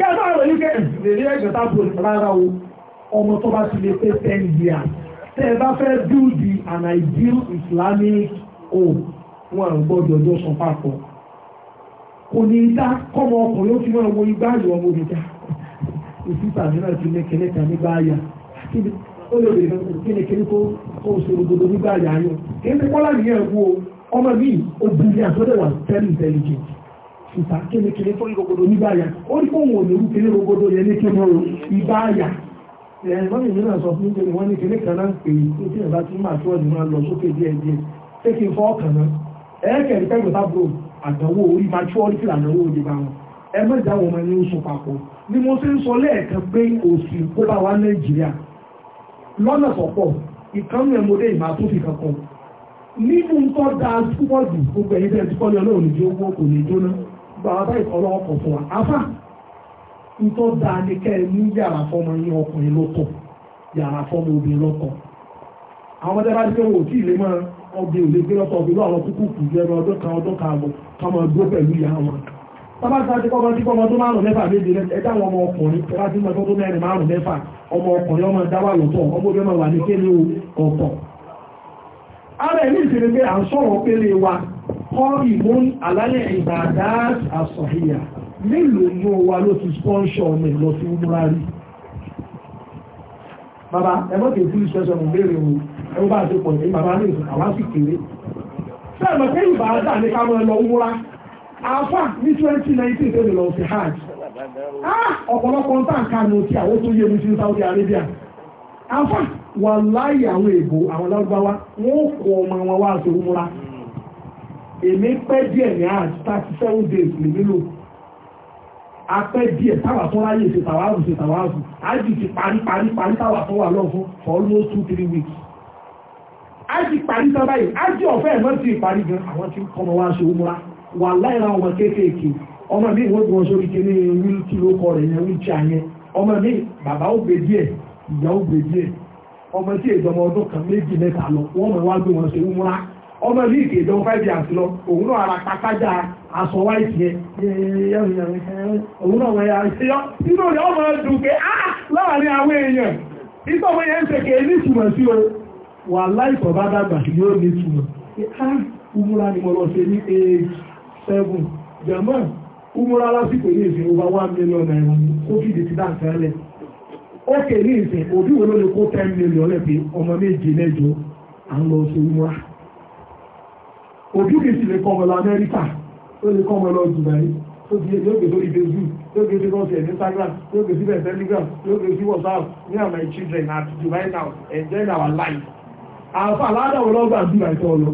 kẹ́ẹ̀sọ́ àwọn oníkẹ́ ìrìnlẹ̀ ẹ̀gbẹ̀ta bò rárá o ọmọ tó bá ti lè pé ten years tẹ́ ẹ bá fẹ́ build an ideal Islamic home wọn à ń gbọ́dọ̀ ọjọ́ sọ papọ̀ kò ní dá kọ́mọ ọkùnrin ó ti máa wo igbá àyè ọmọ òbí dá ìsísà mìíràn ti ní kẹ́lẹ́ nígbà àyà ó lè bèrè kí ni kíní kó ó ṣe gbogbo nígbà àyà yẹn kí ni kọ́lá nìyẹn wo ọmọ mi ò àtọ́dẹ̀wà very intelligent ìta kéékèèké tó ìrògbòdò níbáyà ó ní kóhùn ò lérú kéré rògbòdò yẹn ní kéhùn ìbáyà ẹ̀rọ̀n ìlú náà sọ fún mi wọ́n ní kéré kan náà pè é tí ìbá tí máa tọ́jú máa lọ sókè díẹ̀ díẹ̀ pé kí n fọ́ ọkàn náà ẹ̀ẹ́kẹ̀rì pẹ̀lú tábìlò àdánwò orí maturity àdánwò òde bá wọn ẹ má ìdáwọ̀ ọmọ ní oṣù papọ̀ ni mo ṣe ń sọ lẹ́ẹ̀kan pé òsì kó bá wa Nàìjíríà lọ́nà sọ̀pọ̀ ìkànnì ẹ̀mọdé ìmọ̀ àtúnfi kankan nínú ń tọ́ da púpọ̀ jù gbogbo ẹ̀yìn tí kọ́ni ọlọ́run ní kò ní jóná bàbá ìkọlọ́ ọkọ̀ fún wa ntọ da ni kẹ́ yàrá fọmọ yín ọkùnrin lọ́tọ̀ yàrá fọmọ obìnrin lọ́tọ̀ àwọn ọmọdé bá ti pé wò ó ọgbìn òde lọ́tọ̀ ọgbìn lọ́wọ́ kúkú kù ọdún kan ọdún kan àbọ̀ pẹ̀lú ìyá wọn. bàbá ti tí tó mẹ́fà méje ẹ̀dá àwọn ọmọ ọkùnrin kọ́rìmún alálẹ̀ ìbàdá àsọ̀híyà mélòó ní wa ló ti spọ́nṣọ́ ọmọ ìlọ sí múra rí bàbá ẹgbọ́n fún ìṣẹ́ṣọ́ ọmọ ìbéèrè wọn ẹgbọ́n bá ṣe pọ̀ ní bàbá ní ìsìn sì kéré sẹ́ẹ̀mọ̀ ìbàdá ní ká múra 2019 tó lọ sí hajj Arabia èmi pẹ́ díẹ̀ ní àjù thirty seven days lè nílò apẹ́ díẹ̀ táwa tó ráyè ṣe tàwáàrù ṣe tàwáàrù àjù ti parí parí parí táwa tó wà lọ fún for almost two three weeks àjù parí tán báyìí àjù ọ̀fẹ́ ẹ̀mọ́ ti parí gan àwọn tí kọ́mọ wá ṣe òmùra wà láìra ọmọ kéékèèké ọmọ mi ìwé gbọ́n sórí kéde wíìkì ló kọ rẹ̀ yẹn wíìkì àyẹn ọmọ mi bàbá ó gbé díẹ̀ ìyá ó gbé díẹ̀ ọmọ tí èdè ọmọ ọdún kan méjì mẹ́ta lọ wọ́n mọ̀ wá gbé wọn ṣe òmùra ọmọ ìlú ìkè ìdánwò five years lọ òun náà ara pàtàjà aṣọ white yẹn òun náà wọ́n yà yọ nínú rẹ̀ ọmọ ẹ̀dùn pé á ah, láàrin àwọn èèyàn ìtọ́ yẹn ń ní ìtumọ̀ sí o wà láìpọ̀ bá dàgbà ní ìtumọ̀ ah, ni mo lọ ní age seven umura lásìkò ní ìsìn over one million naira ní covid ti dá nǹkan ó kè ní ìsìn òbí wo ló lè kó ten òbí mi sì lè kọ́ ọmọ lọ Amẹ́ríkà ó lè kọ́ ọmọ lọ Dubai tó ti yóò gbé sórí Facebook yóò gbé sí rọ́ọ̀sì Instagram yóò gbé síbẹ̀ Telegram yóò gbé sí WhatsApp me and my children at Dubai now enjoy our life àfa ládàwọ lọ́gbà Dubai tó lọ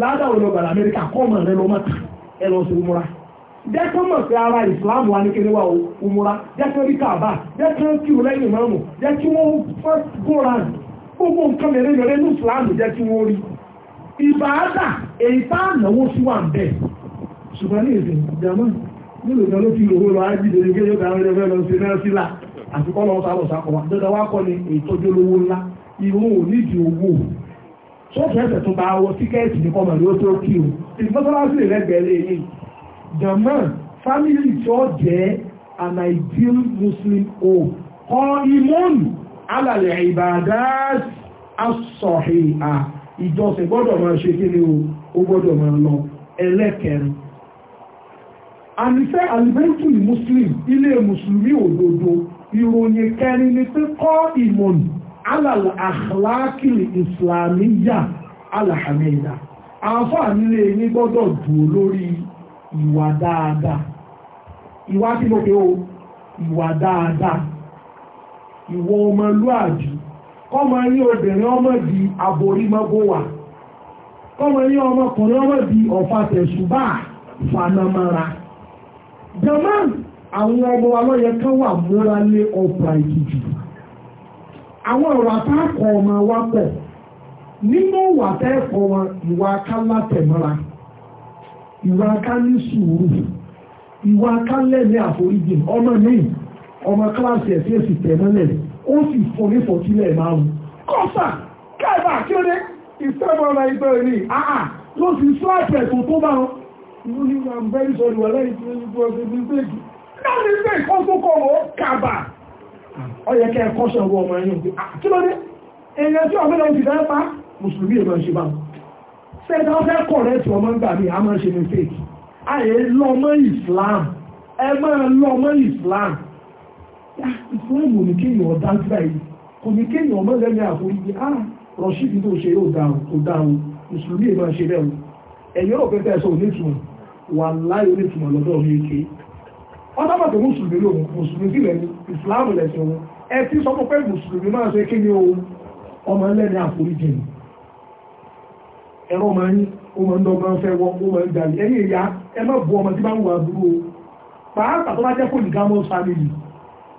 ládàwọ lọ́gbà Amẹ́ríkà kọ́ ọmọ rẹ lọ mọ́ta ẹ lọ sí múra jẹ́kọ́ mọ̀ sí ara ìsìláàmù wa ní kí ní wà òmúra jẹ́kọ́ rí kàbá jẹ́kọ́ kí o lẹ́yìn mọ́mù jẹ́kí wọ́n fẹ́ góra gbogbo nǹkan mẹ́rin mẹ́rin ní ìsìláàmù jẹ́kí wọ́n rí ìbáadà èyí tá ànáwó sí wà ń bẹ̀ ṣùgbọ́n ní èdè ìjàmọ́ nílò kan ló fi lòwó lọ ájídé ní kéjọ́ kan lè fẹ́ lọ sí náà sílà àti kọ́ lọ sábọ̀ sápọ̀ wá dandan wá kọ́ ni ìtọ́jú olówó ńlá ìwọ ò nídìí owó ṣọ́ọ̀ṣì ẹ̀sẹ̀ tó bá wọ tíkẹ́ẹ̀tì ní kọ́mọ̀ ló tó kí o ìfọ́sọ́lásì rẹ̀ gẹ̀ẹ́lẹ́ yìí jàmọ́ fámìlì tí ó jẹ́ an ideal muslim home kọ́ imọ́nù alàlẹ̀ ìbàdàn asọ̀hìn ìjọsìn gbọ́dọ̀ máa ṣe kí ni o ó gbọ́dọ̀ máa lọ ẹlẹ́kẹrin ànífẹ́ alimẹ́ntù muslim ilé mùsùlùmí òdodo ìròyìn kẹrin ni pé kọ́ ìmọ̀nì alàlà àkàlákìlì ìsìlámíyà alàhàmẹ́dà àáfàá nílé ní gbọ́dọ̀ dùn lórí ìwà dáadáa ìwà tí mo pè ó ìwà dáadáa ìwọ ọmọlúàbí kọ́mọ ní obìnrin ọmọ di àbòrí mọ́gbó wà kọ́mọ ní ọmọ fanamara àwọn ọmọ alọ́yẹ kan wà múra lé ọ̀pọ̀ ìjìjì àwọn ọ̀rọ̀ ọmọ wa pọ̀ nínú ìwà tẹ́ẹ̀kọ́ wọn ìwà ká látẹ̀mọ́ra ìwà ká sùúrù ìwà ká lẹ́ni àforíjì ọmọ mi ọmọ kíláàsì ó sì fún ní fọ̀tílẹ̀ márùn-ún kọ́sà káìbà kí ó dé ìfẹ́mọ́ra ìgbẹ́ òní àà ló sì sọ ẹ̀pẹ̀ tó tó bá wọn inú ní I'm very sorry wà lẹ́yìn tí ó ti gbọ́ ọdún méjì náà ní pé ìkọ́ tó kọ́ ọ ah, kàbà ọ yẹ kẹ́ ẹ̀kọ́ sọ ọwọ́ ọmọ ẹ̀yìn kí ló dé èèyàn tí ọ̀gbẹ́lẹ̀ Islam ẹ máa lọ́mọ Islam ìsìláàmù ní kéèyàn ọ̀dá síra yìí kò ní kéèyàn ọmọ lẹ́nu àforíjì á ah, rọ̀ṣídìí tó ṣe yóò dáhùn kò dáhùn mùsùlùmí ìmọ̀ ṣe bẹ́ẹ̀ ẹ̀yìn ọ̀pẹ́ fẹ́ sọ onítùmọ̀ wà láì onítùmọ̀ lọ́dọ̀ mi ké ọ̀dọ́ bàtọ̀ mùsùlùmí lòun mùsùlùmí sí lẹ́nu ìsìláàmù lẹ́sìn wọn ẹ ti sọ pé mùsùlùmí máa ṣe kí ni ohun ọmọ lẹ́nu àforíjì ni ẹ̀rọ máa ń ó máa ń dọ́gbọ́n fẹ́ wọ́n ó máa ń jalè ẹ̀yìn ìyá ẹ má bu ọmọ tí bá ń family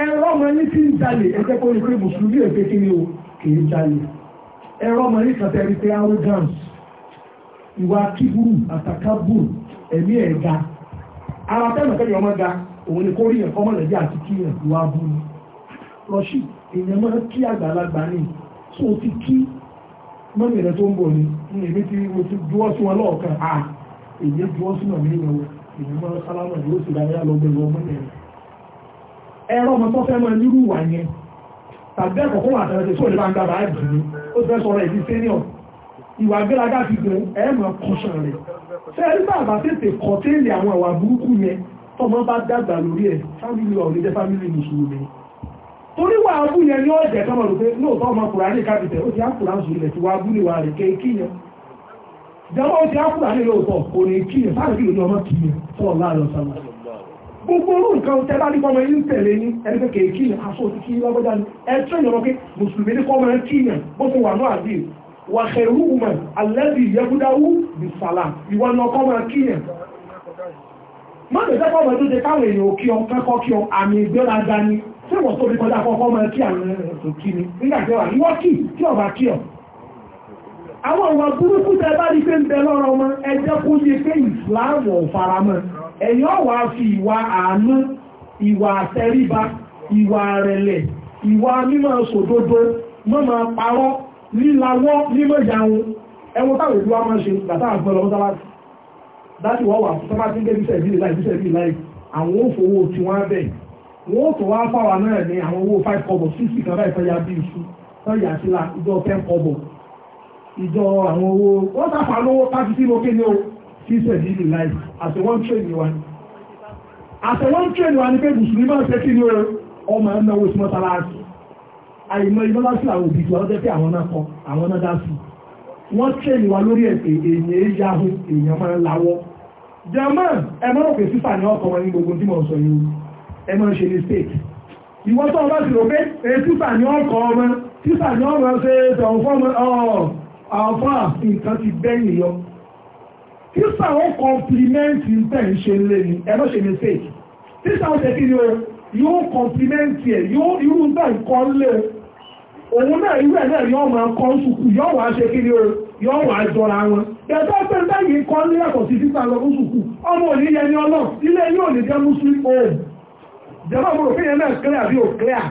ẹ̀rọ ọmọ ní tí ń jalè ẹgbẹ́ kó ní pé mùsùlùmí èké kí ni o kì í jalè ẹ̀rọ ọmọ ní kàtẹ́ rí pé arrogance ìwà kíburú àtàkábùrù ẹ̀mí ẹ̀ga ara tẹ́lẹ̀ kẹ́lẹ̀ ọmọ ga òun ni kó rí ẹ̀kọ́ mọ̀lẹ́bí àti kí ẹ̀ ìwà burú rọ́ṣì èèyàn máa kí àgbàlagbà ní tó o ti kí mọ́mí rẹ̀ tó ń bọ̀ ni èmi ti mo ti dúọ́ sí wọn lọ́ọ̀kan à èyí dúọ́ sí mọ̀mí ìyàwó èèyàn máa sálámà yóò sì dáyà lọ́gbẹ̀ẹ́ lọ́mọ ẹ̀rọ ọmọ tó fẹ́ mọ́ nírú wà yẹn tàbí ẹ̀kọ́ fún àtẹ̀rẹ̀tẹ̀ tí ò ní bá ń dábà á jù ú ó fẹ́ sọ̀rọ̀ ẹ̀dí sẹ́niọ̀ ìwà gbéraga ti gbé ẹ̀mọ̀ kọ̀ṣàn rẹ̀ ṣé ẹ̀rí bá bá tètè kọ́ téèlì àwọn àwà burúkú yẹn tọmọ bá dàgbà lórí ẹ̀ fámìlì ọ̀rẹ́ jẹ́ fámìlì mùsùlùmí torí wà ábú yẹn ní ọ̀jẹ̀ tọmọ rò pé lóòótọ́ ọmọ kùránì kápítẹ̀ ó ti ákùrán sùn ilẹ̀ tí wà ábú níwà rẹ̀ kéèkì yẹn jẹ́wọ́ ó ti ákùrán nílòótọ́ kò ní kí yẹn fáàrí ìlú ọmọ kì í yẹn fọ́ọ̀lá àlọ́sàmọ́ gbogbo orú nǹkan tẹ́ bá ní kọ́mọ yín tẹ̀lé ní ẹgbẹ́ kèékì yàn aṣọ òtí kí lọ́gbọ́dá ní ẹ̀tọ́ ìyọ̀rọ̀ pé mùsùlùmí ní kọ́mọ kí yàn bó ti wà náà bí wà kẹrù mọ̀ alẹ́bí yẹgúdáwú bí sàlà ìwọ ní ọkọ́mọ kí yàn má lè fẹ́ kọ́mọ tó ṣe káwọn èèyàn òkí ọ kẹ́kọ́ kí ọ àmì ìgbéraga ni ṣé wọ́n tóbi kọjá àwọn èèyàn burúkú tẹ bá rí pé ń bẹ lọ́rọ̀ ọmọ ẹjẹ́ kó yẹ pé ìsìláàmù ọ̀faramọ́ ẹ̀yin ọ̀wà fi ìwà àánú ìwà àtẹríba ìwà àrẹ̀lẹ̀ ìwà mímọ̀ sòdodo mọ́mọ̀ parọ́ lílawọ́ mímọ̀ ìyàwó ẹwọ́n táwọn ìlú wa máa ṣe bàtà àgbọ̀lọ́ mọ́sálásí láti wọ́n wà fún tọ́mátí ń gé bíṣẹ̀ ìbílẹ̀ láì bíṣẹ̀ ìbílẹ̀ láì àwọn òfòwò tí wọ́n bẹ̀ wọ́n tó wá fáwà náà ní àwọn owó five kọ́bọ̀ sísì kan báyìí fẹ́yà bí iṣu fẹ́yà sílá ìjọ ten kọ́bọ̀ ìjọ àwọn owó wọ́n sáfà lówó káfíńtì lókè ní o fíṣẹ̀ nínú láì àtẹ̀wọ́n tírẹ̀nì wa ni àtẹ̀wọ́n tírẹ̀nì wa ni pé mùsùlùmí máa ṣe kí ni o ọmọ ẹ̀ náwó sí mọ́sálásí àìmọ̀ iná lásì àwọn òbí tí wọ́n jẹ́ pé àwọn náà kọ àwọn náà dá sí wọ́n tírẹ̀nì wa lórí ẹ̀sẹ̀ èèyàn yáhu èèyàn máa ń lawọ́ german ẹ mọ́ òkè sífà ní ọkọ̀ wọn ní gbogbo tí mo sọ yìí ẹ mọ́ state tíṣà ó kọ́ńpìlímẹ́ǹtì ń tẹ̀ ń ṣe lé ni ẹ má ṣe mistake tíṣà ó ṣe kí ni o yóò kọ́ńpìlímẹ́ǹtì ẹ̀ yóò irú ń bá nǹkan lé òun náà irú ẹ̀ náà yóò máa kọ́ sùkú yóò wá ṣe kí ni o yóò wá jọra wọn ẹ̀tọ́ pé báyìí kọ́ ní ẹ̀kọ́ sí títà lọ fún sùkú ọmọ òní yẹni ọlọ́ ilé yóò lè jẹ́ muslim home jẹ́bọ́ mo rò pé yẹn náà clear bí ò clear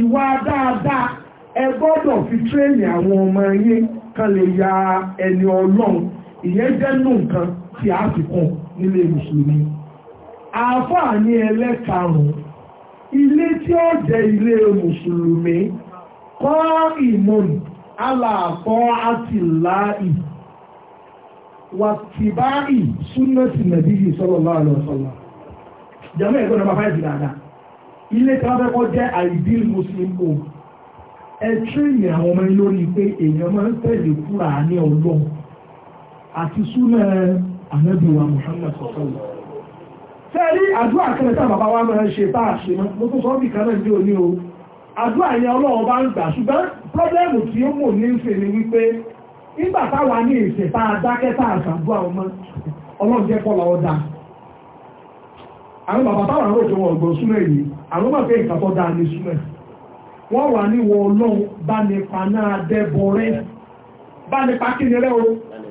ìwà dáadáa ẹ ya ẹni ọlọ́run ìyẹn jẹ́ nù nǹkan tí a fi kún nílé mùsùlùmí àáfàá ní ẹlẹ́karùn-ún ilé tí ó jẹ́ ilé mùsùlùmí kọ́ ìmọ̀nì aláàfọ́ àti láì wàtíbáì súnmọ́sí nàbíyí sallallahu alaihi wasallam jẹ́mọ́ ẹ̀kọ́ nọmba fáìsì dáadáa ilé tí wọ́n fẹ́ kọ́ jẹ́ ideal muslim home ẹ̀ tírìnì àwọn ọmọ ilé orí pé èèyàn máa ń tẹ̀lé kúrà ní ọlọ́run àti súnà ànábì wa Muhammad sọ̀tọ́lù tẹ́rí àdúrà kẹrẹta bàbá wa mẹ́rin ṣe bá a ṣe mọ́ tó sọ́ọ́bì kanáà ní òní o àdúrà yẹn ọlọ́run bá ń gbà ṣùgbọ́n pọ́blẹ́mù tí ó mò ní ń fè wípé nígbà táwa ní ìṣẹ̀ tá a dákẹ́ tá a ṣàdúrà ọlọ́run bàbá wọn súnmọ́ èyí àwọn ìkàtọ́ dáa ní wọ́n wà wọ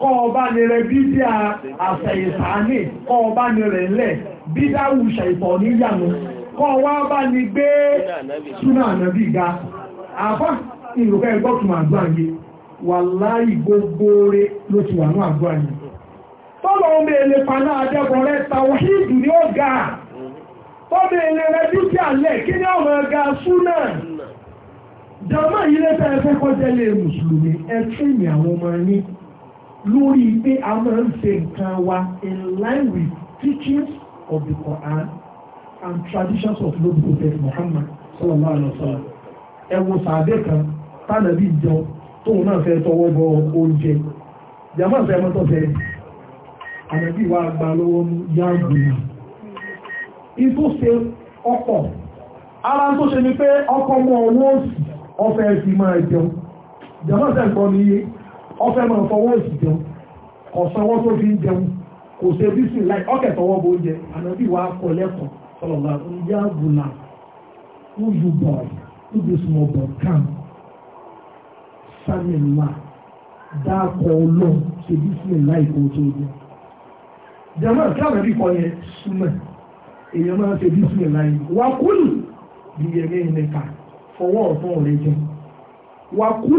kọ́ọ̀bá ni rẹ̀ bídí àṣẹ̀yìntàní kọ́ọ̀bá ni rẹ̀ lẹ̀ bídáwù ṣẹ̀ìtọ̀ níyànú kọ́ọ̀wá bá ni gbé ànàbí ga àfá ìrùkẹ́ ẹgbọ́tùmọ̀ àdúrà wà láì gbogbo rẹ̀ ló ti wà ní àdúrà yìí ni jọmọ́ mùsùlùmí ọmọ lórí pé a máa ń ṣe nǹkan wa in line with teachings of the Quran and traditions of Lord Prophet Muhammad sallallahu alaihi wa sallam ẹ wo sàbẹ̀ kan tánàbí jọ tóun náà fẹ́ tọwọ́ bọ oúnjẹ jàmọ́ fẹ́ mọ́tọ́ fẹ́ ànàbí wa gba lọ́wọ́ yáàgbé yà ifó ṣe ọkọ̀ ara tó ṣe ni pé ọkọ̀ mọ́ owó ọ̀fẹ́ ti máa jẹun jàmọ́ fẹ́ gbọ́ mi yé ọfẹ́ ma fọwọ́ òsì jẹun kò sanwó tó fi ń jẹun kò ṣe bísí láì ọkẹ̀ tọwọ́ bó jẹ ànábì wa kọ lẹ́kọ̀ọ́ sọlọ́lá ìyá àgùnà who you boy who this small sani ńlá dáàkọ̀ ọlọ́run ṣe bísí láì kò tó jẹ jẹ́mọ́ kí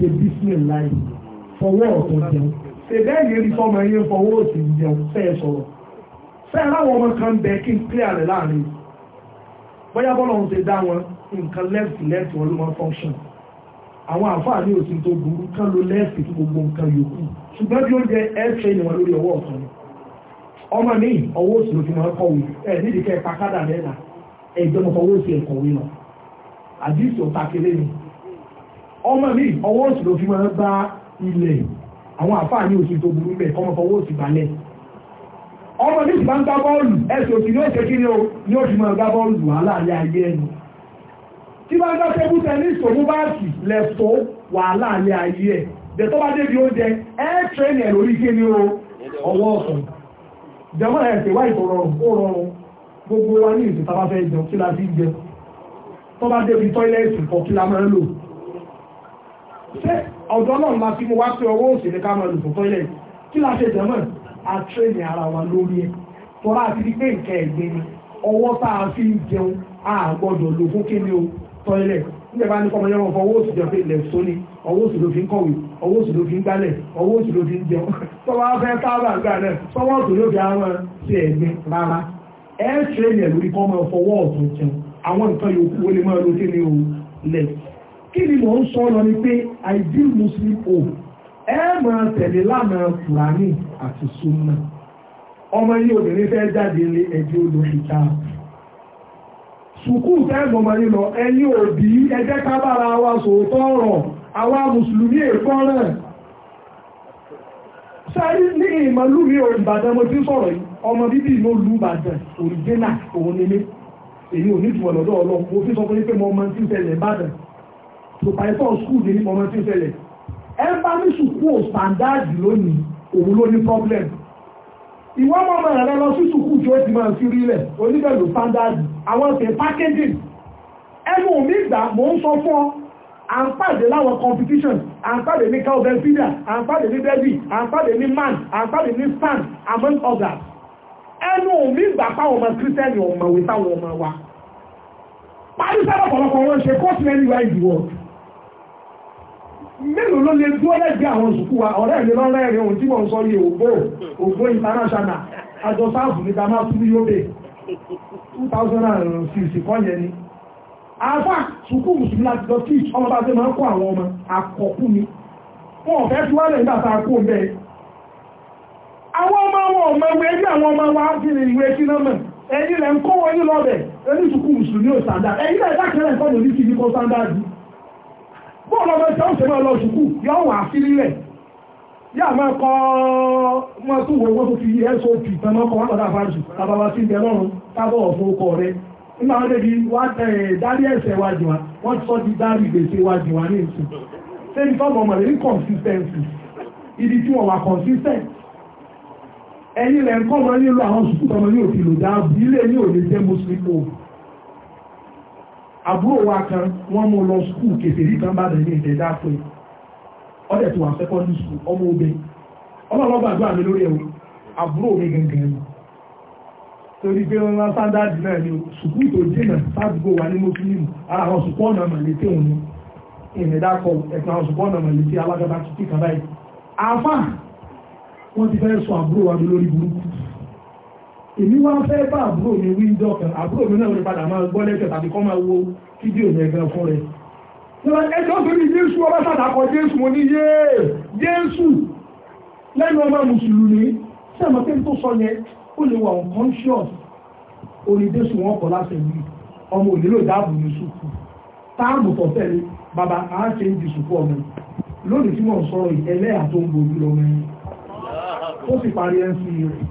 ṣe bísílẹ̀ láì fọwọ́ ọ̀tún jẹun ṣèbẹ́ yẹn rí fọmọ yẹn fọwọ́ òsì jẹun fẹ́ sọ̀rọ̀ fẹ́ láwọn ọmọ kan bẹ kí n clear rẹ̀ láàrin bóyá bọ́lá òun ṣe dá wọn nǹkan left left wọn ló máa function àwọn àfáà ní òsì tó burú kán ló left fún gbogbo nǹkan yòókù ṣùgbọ́n bí ó jẹ ẹ́ẹ̀ṣẹ́ ni wọn lórí ọwọ́ ọ̀tún ni ọmọ ní ọwọ́ òsì ló fi máa kọ̀wé ẹ̀ nídìí kẹ́ ẹ̀ pàkádà lẹ́nà ẹ̀jọ́ mọ̀ fọwọ́ òsì ẹ̀kọ̀wé lọ àdìsí ọ̀tàkẹ́lẹ́ ni ọmọ mi ọwọ́ òsì ló fi máa ń bá ilẹ̀ àwọn àfáà ní òsì tó burú bẹ́ẹ̀ ọmọ fọwọ́ òsì balẹ̀ ọmọ mi sì bá ń gbá bọ́ọ̀lù ẹsẹ̀ òsì ní òsè kíni o ní òsì máa gbá bọ́ọ̀lù wàhálà ayé ayé ẹnu tí bá ń gbá tẹ́bù tẹ́nísì òun bá sì lẹ́fọ́ wàhálà ayé ayé ẹ̀ dẹ̀tọ́ bá débi oúnjẹ ẹ́ tẹ́ẹ̀nì ẹ̀ lórí kíni o ọwọ́ ọ̀sán jẹmọ́ ẹ̀sẹ̀ wá ìtọ̀rọ̀rùn ó rọrùn gbogbo wa ní ìsìn tàbá fẹ́ jẹun kí la fi jẹun tó bá débi tọ́ílẹ̀ẹ̀sì kọ kí la máa ń lò ṣé ọ̀dọ́ náà máa fi mo wá pé ọwọ́ òsèlè ká máa lùfò tọ́lẹ̀ kí la ṣe jẹ́mọ̀ àtúrẹ́nì ara wa lórí ẹ̀ tọ́lá àti pé nǹkan ẹ̀gbẹ́ ni ọwọ́ tá a fi ń jẹun a gbọ́dọ̀ lò fún kíni o tọ́lẹ̀ nígbà bá ní kọ́mọ yẹn wọn fọ ọwọ́ òsì jọ pé ilẹ̀ sóni ọwọ́ òsì ló fi ń kọ̀wé ọwọ́ òsì ló fi ń gbálẹ̀ ọwọ́ òsì ló fi ń jẹun tọ́wọ́ afẹ́ sábà gbà náà tọ́wọ́ òsì ló fi àwọn sí ẹ̀gbin rárá ẹ̀ ń ṣe é yẹn lórí kọ́mọ fọwọ́ ọ̀tún jẹun àwọn nǹkan yòókù wọlé máa o lẹ̀ kí ni mò ń sọ lọ ni pé ideal muslim home ẹ máa tẹ̀lé lánàá kùránì àti súnmọ́ ọmọ yìí obìnrin fẹ́ jáde lé ẹjẹ́ olórí ta sùkúù tẹ́ẹ̀mù ọmọ yìí lọ ẹni òbí ẹjẹ́ kábàrà wa sòótọ́ ọ̀rọ̀ àwa mùsùlùmí èkó náà sáré ní ìmọ̀lú mi ò Ìbàdàn mo ti sọ̀rọ̀ yìí ọmọ bíbí ìlú olú Ìbàdàn òrìjẹ́nà òun nílé èyí ò ní ìtumọ̀ lọ́dọ̀ Ọlọ́run mo fi sọ pé mo mọ tí ń tẹ̀lé Ìbàdàn pay tòpàìtọ́ skúl ní ọmọ tí ń fẹ́lẹ̀ ẹgbà ní sùkú òsàndáàdì lónìí òun ló ní problem ìwọ́n mọ́ mọ́ ẹ̀rẹ́ lọ sí sùkú tí ó ti máa fi rí lẹ̀ oníbẹ̀lú standardi àwọn tẹ̀ packaging ẹnu mi gbà mò ń sọ fún ọ à ń pàdé láwọn competition à ń pàdé ní cowbell feeder à ń pàdé ní derby à ń pàdé ní man à ń pàdé ní stand among others ẹnu mi gbà páwọn ọmọ kírísítẹ́nì ọmọ wípáwọn ọmọ wa parí sábà pọ̀lọpọ̀ wọn ṣe court many wide world mélòó ló lè dúró lẹ́gbẹ̀ẹ́ àwọn sùkú wa ọ̀rẹ́ ìlú lọ́rẹ́ rẹ̀ òun tí wọ́n sọ yìí ògbó ògbó international àjọ sáàfù ní dama tún yóbe 2006 kọ́ yẹn ni àfà sùkú mùsùlùmí láti lọ tí ọmọ bá tẹ́ máa ń kó àwọn ọmọ àkọ́kú ni wọn ò fẹ́ tí wọ́n lè ń gbàtà kó bẹ́ẹ̀ àwọn ọmọ wọn ọmọ ẹgbẹ́ ẹgbẹ́ àwọn ọmọ wa ti rìn ìwé kí náà mọ̀ ẹ̀yin lẹ́ ń kọ́ wọn ní lọ́bẹ̀ ẹni sùkú mùsùlùmí ò sàdá ẹ̀yin lẹ́ bọ́ọ̀lù ọmọ ìṣẹ́ òṣèré ọlọ́ ṣùkú yọ wà sí nílẹ̀ yà máa kọ́ ọmọ tó wọ owó tó fi sop tẹmọ́ kọ́ wọn lọ́dà fáṣù tàbàbà sí ilẹ̀ lọ́run tábọ̀ ọ̀fún ọkọ̀ rẹ nígbà wọn débi wá dárí ẹ̀ṣẹ̀ wa jù wá wọ́n ti sọ di dárí gbèsè wa jù wá ní ìsìn sẹ́ni fọ́ọ̀mù ọmọ rẹ̀ ní consistency ibi tí wọ́n wà consistent ẹ̀yin lẹ́ńkọ́ wọn nílò àwọn sùkúù tọmọ ní òfin lòdà ilé ní òde jẹ́ muslim home àbúrò wa kan wọ́n mú lọ skul kèfèrí kan bá bẹ̀rẹ̀ ní ìdẹ̀dá pé ọdẹ̀ tó wà secondary school ọmọ obe ọlọ́lọ́gbà àdúrà mi lórí ẹ̀wọ̀ àbúrò mi gangan ni torí pé wọ́n máa sáńdáàdì náà ni sùkúù tó jìnà ní ara àwọn ọ̀nà ni kọ ẹ̀kan àwọn sùkúù ọ̀nà màlété alágbàdá títí kan èmi wá fẹ́ bá àbúrò mi wí kan àbúrò mi náà lè padà máa gbọ́ lẹ́sẹ̀ tàbí kọ́ máa wo fídíò yẹn gan fún rẹ̀. ẹjọ́ sórí jésù ọba sàdàkọ jésù mo ní yéé jésù lẹ́nu ọmọ mùsùlùmí sí àmọ́ pé tó sọ yẹn ó lè wà unconscious orí jésù wọn kọ láti ẹ̀mí ọmọ ònílò dáàbò ní sùkú táàbù tọ̀ tẹ̀lé bàbá àá ṣe ń di sùkú ọmọ lónìí tí wọ́n sọ ẹlẹ́yà tó ń bojú lọ́mọ ó sì parí ẹ̀ ń fi rẹ̀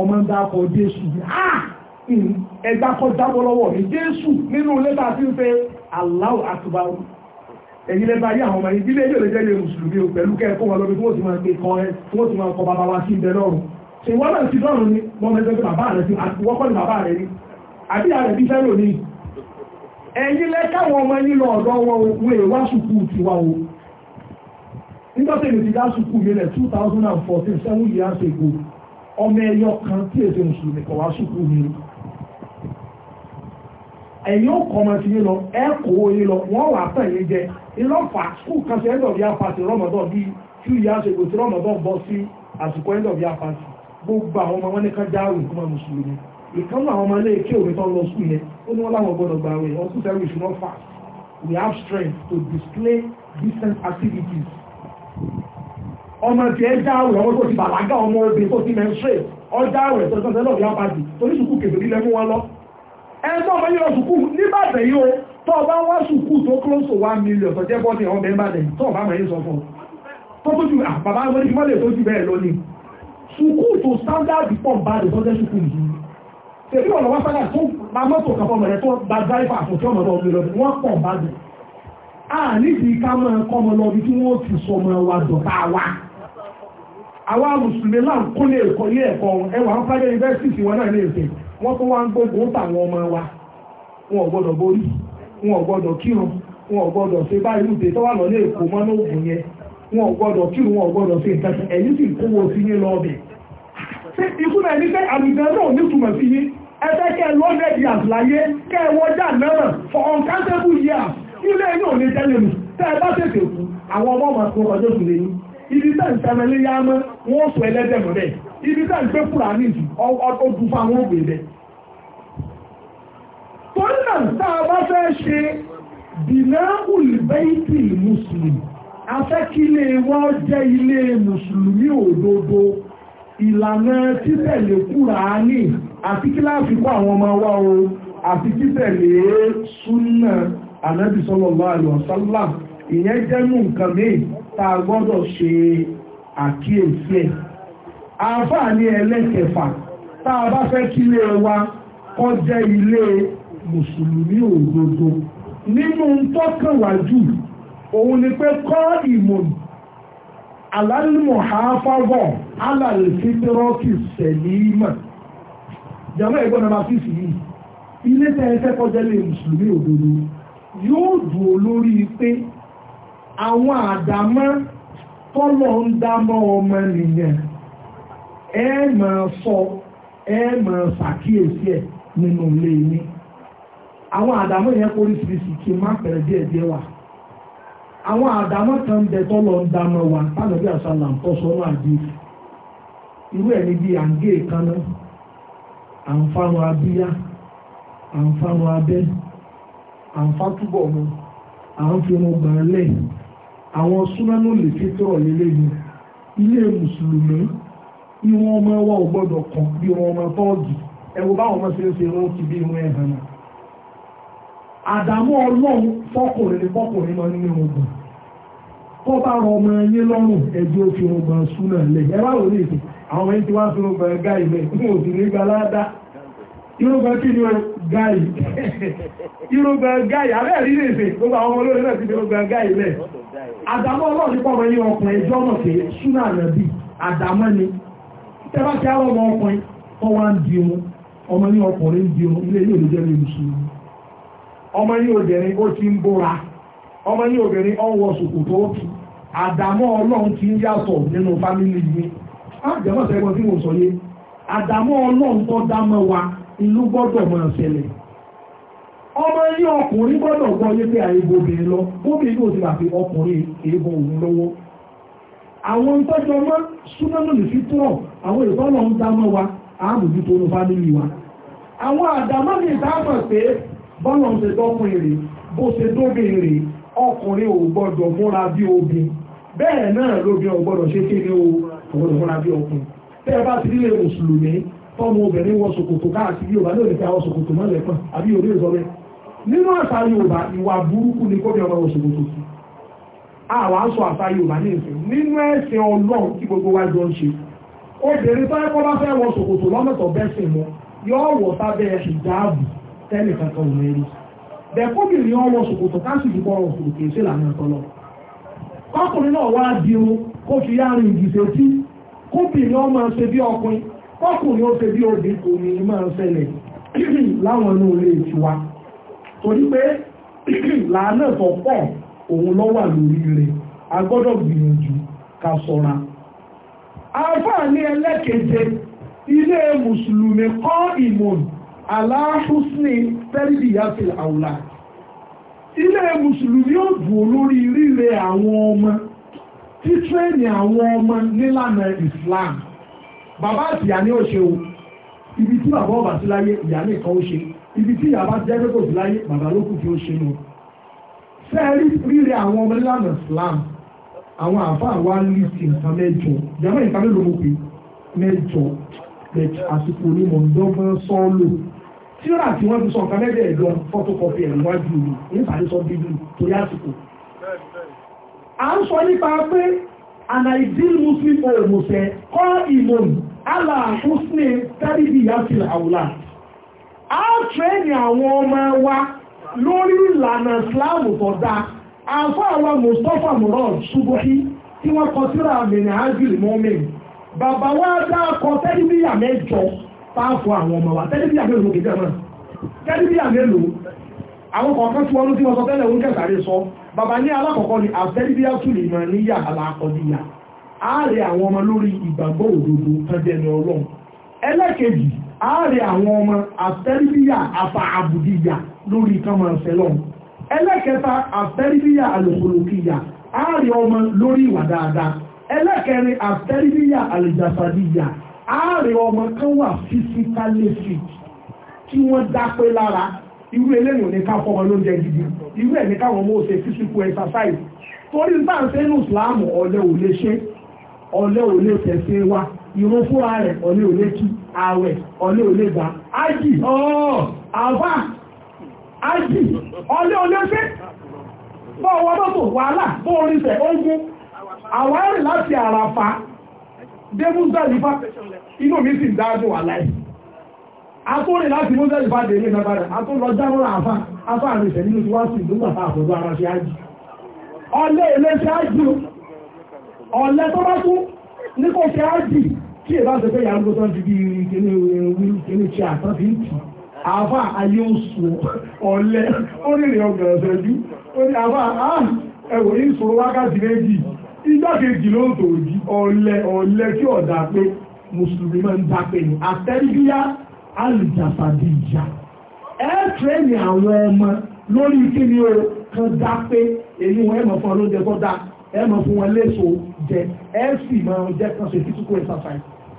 ọmọ ń dákọ̀ jésù ah! ẹgbà kọ́ jábọ́ lọ́wọ́ mi jésù nínú lẹ́bà tí ń fẹ́ Allahu Akbar ẹ̀yìn lẹ́bà yí àwọn ọmọ ìdílé yóò lè jẹ́ ilé mùsùlùmí o pẹ̀lú kẹ́ẹ̀kọ́ wọn lọ́dún tí wọ́n ti máa gbé kan ẹ tí wọ́n ti máa kọ bàbá wa sí ibẹ̀ lọ́rùn ṣe wọ́n náà ti lọ́rùn ni wọ́n mẹ́jọ pé bàbá rẹ̀ sí àtiwọ́kọ́ ni bàbá rẹ̀ ni àbí ààrẹ bí fẹ́rò ni ẹ̀yìn lẹ́kàwọn ọmọ yín lọ ọ̀dọ́ wọn wọ́n èwá sùkú tiwa o nígbà tẹ̀lé ti dá sùkú mi lẹ̀ 2014 seven years ago ọmọ ẹyọ kan tí èdè mùsùlùmí kọ̀ wá sùkú mi ẹ̀yìn ọkọ̀ ọmọ yín lọ ẹ yín lọ wọ́n wà tàn yín jẹ ìlọ́fà skul kan ṣe end of year party rọmọdọ́n bíi few years ago tí rọmọdọ́n bọ́ sí àsìkò end of year gbogbo àwọn ọmọ wọn ní ká jáwé ìkọ́mọ mùsùlùmí ìkànnì àwọn ọmọ ilé ìké òwe tó lọ sùn yẹn ó ní wọn láwọn gbọ́dọ̀ gbà ọkùnrin sẹrí ìṣúná fà we have strength to display different activities ọmọ tí ẹ jáwèé ọmọ tó ti bàlágà ọmọ obìnrin tó ti mẹ́ńsírè ọjáwèé tó tọ́sẹ̀ lọ́ọ̀bì apájì torí sùkú kèfè nílẹ̀ mú wọn lọ. ẹgbẹ́ ọmọ yóò sùkú nígbàdàn yìí o tó ọba wá sùkú tó close to one million tó jẹ́ bọ́ọ̀dì ọmọ ẹ̀ńbàdàn tó ọba mọ̀ yín sọ fún un tó tó ju bàbá wọn ní mọ́lẹ̀ tó ju bẹ́ẹ̀ lọ ni sùkú tó standard pọ̀ bàdàn tó jẹ́ sùkú yìí tèmi ọ̀nà wá sáyà tó bá mọ́tò kàfọ́ mọ̀lẹ́ tó bá dárífà fún tí ọmọ ọmọ ìlọ́dún wọ́n pọ̀ bàdàn a nídìí ká máa kọ́ ọmọ lọ́bi tí wọ́n ti sọ ọmọ wa dọ̀tá wa àwa mùsùlùmí là ń kó ní ẹ̀kọ́ ilé ẹ̀kọ́ ẹwà ń fáyé yunifásitì wọn náà ní èdè wọ́n tó wá ń gbógun táwọn ọmọ wa wọn ò gbọ́dọ̀ borí wọn ò gbọ́dọ̀ kírun wọn ò gbọ́dọ̀ ṣe báyìí lùdè tó wà lọ́lé èkó mọ́ lóògùn yẹn wọn ò gbọ́dọ̀ kírun wọn ò gbọ́dọ̀ ṣe nǹkan kan ẹ̀yìn sì kó wo sí yín lọ ọbẹ̀. ṣé ikú náà ní pé àlùjá náà ní túmọ̀ sí yín ẹ di àtìláyé kẹ́ ẹ wọ́jà náà for uncountable years ilé yóò ní tẹ́lẹ̀ mi tẹ́ ẹ bá tètè kú àwọn ọmọ ọmọ àti ibi tá ń sẹ́mẹ́lé yá mọ́ wọ́n sọ ẹlẹ́dẹ̀ mọ́ bẹ́ẹ̀ ibi tá ń gbé Kùránì jù ọdún fún àwọn ògbè bẹ́ẹ̀. torí náà tá a bá fẹ́ ṣe bìnáhùn bẹ́ẹ̀tì mùsùlùmí afẹ́kílé wọn jẹ́ ilé mùsùlùmí òdodo ìlànà títẹ̀lé Kùránì àti kíláàsì kó àwọn ọmọ wa o àti títẹ̀lé súnà ànábì sallallahu alaihi wasallam ìyẹn jẹ́nu nǹkan mìíràn tá a gbọ́dọ̀ ṣe àkíyèsí ẹ̀ àáfàá ní ẹlẹ́kẹfà tá a bá fẹ́ kílé wa kó jẹ́ ilé mùsùlùmí òdodo nínú tọ́kànwájú òun ni pé kọ́ ìmọ̀ alálùmọ̀háfáwọ̀ alàlùfítírọ́kì sẹ̀límọ̀ jàmọ́ ẹ̀gbọ́n nàbà fífi yìí ilé tẹ́ ẹ fẹ́ kó jẹ́ ilé mùsùlùmí òdodo yóò dùn olórí pé àwọn àdámọ́ tọ́lọ̀ ń dámọ́ ọmọ nìyẹn ẹ máa sọ ẹ máa ṣàkíyèsí nínú ilé yín àwọn àdámọ́ yẹn kórìsìrìsì kí n má pẹ̀rẹ̀ díẹ̀ díẹ̀ wà àwọn àdámọ́ kan ń bẹ tọ́lọ̀ ń dámọ́ wa tánàbí ń tọ́ sọ́nà irú ẹ̀ níbi à ń gé à ń àwọn súnánù lè fi tọrọ lélẹ ni ilé mùsùlùmí ni ọmọ ẹwà ò gbọ́dọ̀ bí wọn ọmọ tọọgì ẹwọ báwọn ọmọ ṣe ń wọ́n ti bí wọn ẹhàn náà àdàmú ọlọ́run rọ ọmọ ẹyẹ lọ́rùn ẹjọ́ fi ọgbọ̀n súnà lẹ̀ ẹ àwọn ẹni tí fi ọgbọ̀n ilẹ̀ fún kí ni gáì gáì gbogbo àwọn ọmọ náà ti fi gáì àdámọ́ ọlọ́run pọ̀ wẹ́lé ọkùnrin ìjọ náà pé súnà rẹ̀ ni tẹ́bá ọmọ ọkùnrin tó wá di ohun ọmọ ní ọkùnrin di ohun ilé yóò lè ní ọmọ ní obìnrin ó ti ń ọmọ ní obìnrin ó ń wọ ó ọlọ́run ti ń yàtọ̀ nínú sẹ́gbọ́n tí mo sọ yé wa gbọ́dọ̀ mọ̀ ọmọ ní ọkùnrin gbọ́dọ̀ gbọ́ yé pé àìbò obìnrin lọ obìnrin ló ti wà pé ọkùnrin èèbò òun lọ́wọ́ àwọn ìtọ́jọ mọ́ súnmọ́nù lè fi tọ̀ àwọn ìtọ́nà ń dámọ́ wa àmójú tó ní fámìlì wa àwọn àdámọ́ ní ìdámọ̀ pé bọ́lọ̀ ń ṣe dọ́kun èrè bó ṣe dóbi èrè ọkùnrin ò gbọ́dọ̀ múra bí obìn bẹ́ẹ̀ náà o ò gbọ́dọ̀ múra bí ọkùnrin bẹ́ẹ̀ bá ti rí mùsùlùmí tọ́mọ obìnrin wọ ṣòkòtò káàkiri yorùbá nínú àṣà Yorùbá ìwà burúkú ni kóbi ọmọ oṣù tó kù àwọn aṣọ àṣà Yorùbá ní ìsìn nínú ẹ̀sìn Ọlọ́run tí gbogbo wa jọ ń ṣe obìnrin tó ẹkọ bá fẹ́ wọ ṣòkòtò lọ́mọ̀tọ̀ bẹ́sìn mọ́ yóò wọ sábẹ́ ìjáàbù tẹ́lẹ̀ kankan ò mẹ́rin bẹ̀kọ́bìnrin ọwọ́ ṣòkòtò káṣìkì bọ́rọ̀ ṣòkòtò èsè lànà ọ̀tọ́lọ́ kọkùnrin náà wá dirun kó fi yára ìgbìsẹ̀ tí kóbìnrin ọmọ ṣe bí ọkùnrin kọkùnrin ó ṣe bí obìnrin kò ní máa ń ṣẹlẹ̀ láwọn inú ilé ìtiwa torí pé làánà tó pọ̀ òun ló wà lórí rẹ̀ a gbọ́dọ̀ gbìyànjú ká ṣọ́ra. àǹfààní ẹlẹ́keje ilé mùsùlùmí kọ́ ìmọ̀n aláhùsùnì tẹ́rìbìyàtì àwùlà ilé mùsùlùmí ó dùn lórí ríre àwọn ọmọ títírẹ́nì àwọn ọmọ nílànà Islam bàbá àti ìyá ni ó ṣe o ibi tí bàbá ọba sí láyé ìyá nìkan ó ṣe ibi tí ìyá bá jẹ́ pé kò sí láyé bàbá ló kù tí ó ṣe nù fẹ́ẹ́rí rírẹ àwọn ọmọ nílànà Islam àwọn àáfàá wa ń lè sí nǹkan mẹ́jọ ìjàmbá ìka mélòó mo pè mẹ́jọ àsìkò ni mò ń dọ́gbọ́n sọ́ọ́lò tíra tí wọ́n fi sọ nǹkan mẹ́jọ ẹ̀dọ́ fọ́tòkọ́pì ẹ̀ níwájú mi nípàdé sọ bíbí torí àsìkò à ń sọ nípa pé an ideal Muslim ọ̀rọ̀ mọ̀sẹ̀ kọ́ ìmọ̀ àlà húsnẹ̀ tẹ́rìbì yá sí àwùlá á tẹ́ẹ̀nì àwọn ọmọ wa lórí ìlànà Islam tó dáa àfọ́ àwọn Mustapha Murad Subuhi tí wọ́n kọ síra àmìnà ágìlì mọ́mìn bàbá wa dá akọ tẹ́lifíyà mẹ́jọ táàfù àwọn ọmọ wa tẹ́lifíyà mélòó kìí jẹ́ náà tẹ́lifíyà mélòó àwọn kọ̀ọ̀kan tí wọ́n ló tí wọ́n sọ tẹ́lẹ̀ oúnjẹ sáré sọ bàbá ní alákọ̀ọ́kọ́ ni àtẹ́lifíyà tún lè máa níyà alákọ̀ọ́díyà ààrẹ àwọn ọmọ lórí ìgbàgbọ́ òdodo tẹ́jẹ́ ní ọlọ́run ẹlẹ́kejì àárẹ̀ àwọn ọmọ àfẹ́ríbíyà àfà àbùdíyà lórí kánmọ̀ ọ̀sẹ̀lọ́n ẹlẹ́kẹta àfẹ́ríbíyà àlòkòlòkìyà àárẹ̀ ọmọ lórí ìwà dáadáa ẹlẹ́kẹrin àfẹ́ríbíyà àlèjàfàdíyà àárẹ̀ ọmọ kan wà physically fit tí wọ́n dápé lára irú eléyìn ní ká fọmọ lóúnjẹ gidi irú ẹ̀ ní káwọn ọmọ ṣe physical exercise torí bá ń sẹ́nu ìsìláàmù ọ̀lẹ́ ò lè ṣe ọ̀lẹ́ ò tẹ̀sẹ̀ wa ìrun fúnra rẹ̀ ọ̀lẹ́ ò kí ààwẹ̀ ọlé olé gba. ájì ọ̀ọ̀ àbá ájì ọlé olé fẹ́ wàhálà bọ́ oríṣẹ̀ ogun àwárí láti àràfà dé inú mi sì dáadọ́ wà láì atórí láti múzàlífà dé ilé nàbàdà ató àfà afá àrẹsẹ̀ nínú tí ìbá ṣe pé ìyá ń gbọ́tọ́ ti bí kíní ewu kíní tí àtàn fi ń tì àbá ayé oṣù ọ̀lẹ́ ó rìnrìn ọgbẹ̀rẹ̀ ṣẹ́jú ó ní àbá ẹwò ìṣòro wákàtí méjì igbákejì ló ń tòòjì ọ̀lẹ́ ọ̀lẹ́ tí ọ̀dà pé mùsùlùmí máa ń dápé ní àtẹ́bíyá alìjàfàdì ìjà ẹ tẹ́ẹ̀nì àwọn ọmọ lórí kíní o kan dápé èyí wọn ẹ̀mọ̀ fún ọlọ́jẹ́ tó dá ẹ̀mọ̀ fún wọn léṣo jẹ ẹ̀ sì máa jẹ́ kan ṣe físíkò exercise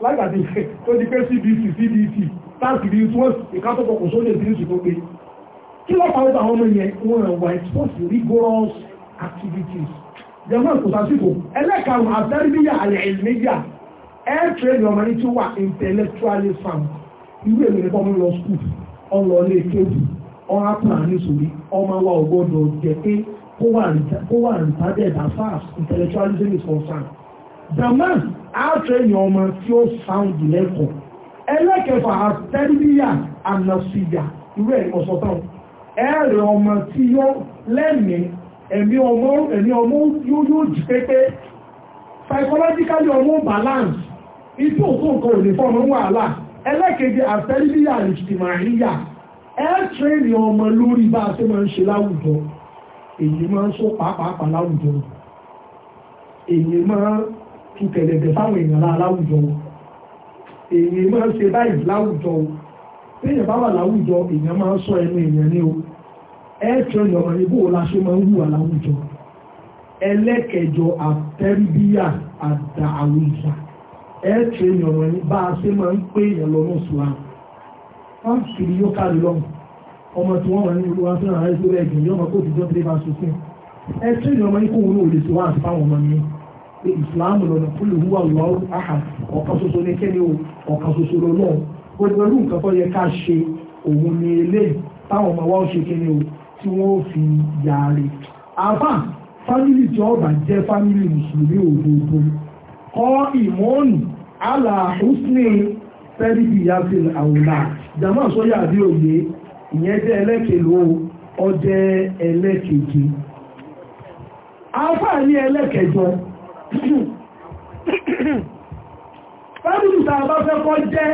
lágbàdì tó di pé cbc cbc táàkiri tí wọ́n ìkátọ́kọ̀ kò sóde sí ìsìnkú pé kí ló pa ọ̀tà ọmọ yẹn wọ́n rẹ̀ wà exposed to rigorous activities jẹ́mọ́ kò sásìkò ẹlẹ́karùn-ún àtẹ́rìbíyà àlẹ́ ìlẹ́yà air trade ọmọ ní tí wà intellectually sound irú èmi nìkan mú lọ school ọlọ ilé kéwì ọ̀rá plan nítorí ọmọ wa ò gbọ́dọ̀ jẹ́ pé kó wà rìtádẹ̀ as far fast. intellectualism is concerned jama àtẹ̀yìn ọmọ tí ó sound lẹ́kọ̀ọ́ ẹlẹ́kẹfà àtẹ́bíyà ànàṣìyà irú ẹ̀ ọ̀sọ̀ táwọn ẹ̀rẹ̀ ọmọ tí yóò lẹ́mìí ẹ̀mí ọmọ yóò jí pépé psychologically ọmọ balance ibi òkú nǹkan ò lè fọ́ ọmọ wàhálà ẹlẹ́kẹ̀dẹ̀ àtẹ́bíyà ìṣìmáyà ẹ̀tẹ́rì ọmọ lórí bá a ṣe máa ń ṣe láwùjọ èyí máa ń sọ pàápàá láwùjọ èyí máa ń ti tẹ̀lẹ̀gẹ̀ fáwọn èèyàn láwùjọ wọn èèyàn máa ń ṣe báyìí láwùjọ wọn téèyàn bá wà láwùjọ èèyàn máa ń sọ ẹnu èèyàn ní o ẹ̀ẹ́tọ́ ìyọ̀mọ̀ ní bó la ṣe máa ń wùwà láwùjọ ẹlẹ́kẹjọ àtẹ́ríbíyà àdà àwùjọ ẹ̀ẹ́tọ́ ìyọ̀mọ̀ ní bá a ṣe máa ń pé èèyàn lọ́nà sùúrù wọ́n kiri yóò kárí lọ́mù ọmọ tí wọ́n wà ní olúwa fẹ́ràn àìsí rẹ̀ jù yọ́mọ kó ti jọ́ tẹ́lẹ̀ bá ṣe fún ẹ ẹ̀ẹ́tọ́ ìyọ̀mọ̀ ní kó wọn ò lè sọ wá àti fáwọn ọmọ mi pé ìsìláàmù lọ́nà kúlù húwà lọ́rù àhà ọ̀kan ṣoṣo ní kẹ́ni o ọ̀kan ṣoṣo lọ́nà gbogbo irú nǹkan tó yẹ ká ṣe òun ni eléyìí táwọn ọmọ wa ó ṣe kẹ́ni o tí wọ́n fi yàrá àbá fámìlì tí ọba jẹ́ fámìlì mùsùlùmí òdodo kọ́ ìmọ̀ọ́nù aláhùsùnì pẹ́rìbìyàfẹ́ àwòlá jàmọ́ àsọ́yà àbí òye ìyẹn jẹ́ ẹlẹ́kẹ̀lú ọjẹ́ ẹlẹ́kẹ̀jì afáà ní ẹlẹ́kẹjọ fámílì tàbá fẹ́ kọ́ jẹ́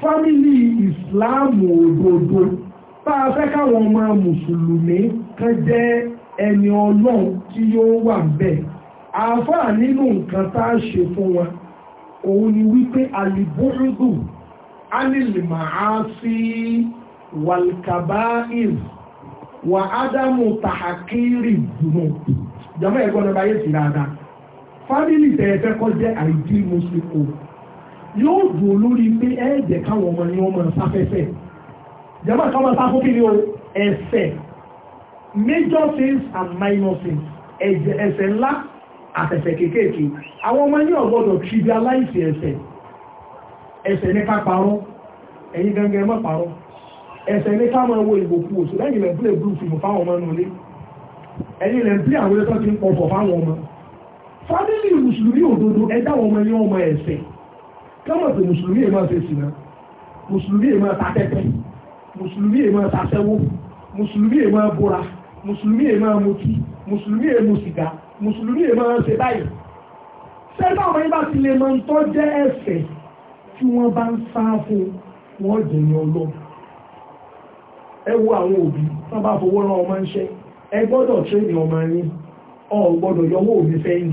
fámílì ìsìláàmù òdodo bá a fẹ́ káwọn ọmọ mùsùlùmí kan jẹ́ ẹni ọlọ́run tí yóò wà bẹ̀ àáfàá nínú nǹkan tá a ṣe fún wọn òun ni wípé alìbúrúdù alìlìmàásí wàlkàbáìr wà ádámù tàhàkírì dùnú jọmọ́ ẹ̀gbọ́n ọba yé sí fámìlì tẹ̀yẹ̀fẹ́ kọ́ jẹ́ àìdí mọ́síkò yóò dùn lórí pé ẹ̀ẹ́dẹ̀ káwọn ọmọ ni wọ́n máa sáfẹ́fẹ́ jẹ́mọ́ káwọn sáfún kí ni o ẹ̀ṣẹ̀ major things and minor things ẹ̀ṣẹ̀ ńlá àtẹ̀ṣẹ̀ kéékèèké àwọn ọmọ ní ọ̀gbọ́dọ̀ trivialize ẹ̀ṣẹ̀ ẹ̀ṣẹ̀ ní ká parọ́ ẹ̀yin gangan ẹ má parọ́ ẹ̀ṣẹ̀ ní ká máa wo ìgbòkú òṣù lẹ́yìn lẹ́ńpìlẹ̀ blue film fáwọn ọmọ nulẹ̀ ẹ̀yin lẹ́ńpìlẹ̀ àwọn ilé tó ti ń pọ̀ fọ̀ fáwọn ọmọ fámílì mùsùlùmí òdodo ẹ̀dá wọn ọmọ ẹ̀yìn ọmọ ẹ̀sìn kọ́mọ̀ pé mùsùlùmí èèmọ̀ ṣe sì náà mùsùlùmí èèmọ̀ tatẹ́tẹ́ mùsùlùmí èèmọ̀ tasẹ́wó mùsùlùmí èèmọ̀ bora mùsùlùmí èèmọ̀ mutí mùsùlùmí èèmọ̀ sìgá mùsùlùmí èèmọ̀ ṣe báyìí sẹ́gbà wọn bá ti lè mọ tó jẹ́ ẹ̀ṣẹ̀ tí wọ́n bá ń sá fún wọn jẹ̀yìn ọlọ́ ẹ wo àwọn òbí tó bá fowó ń ṣe ẹ yọwọ́ òbí fẹ́yìn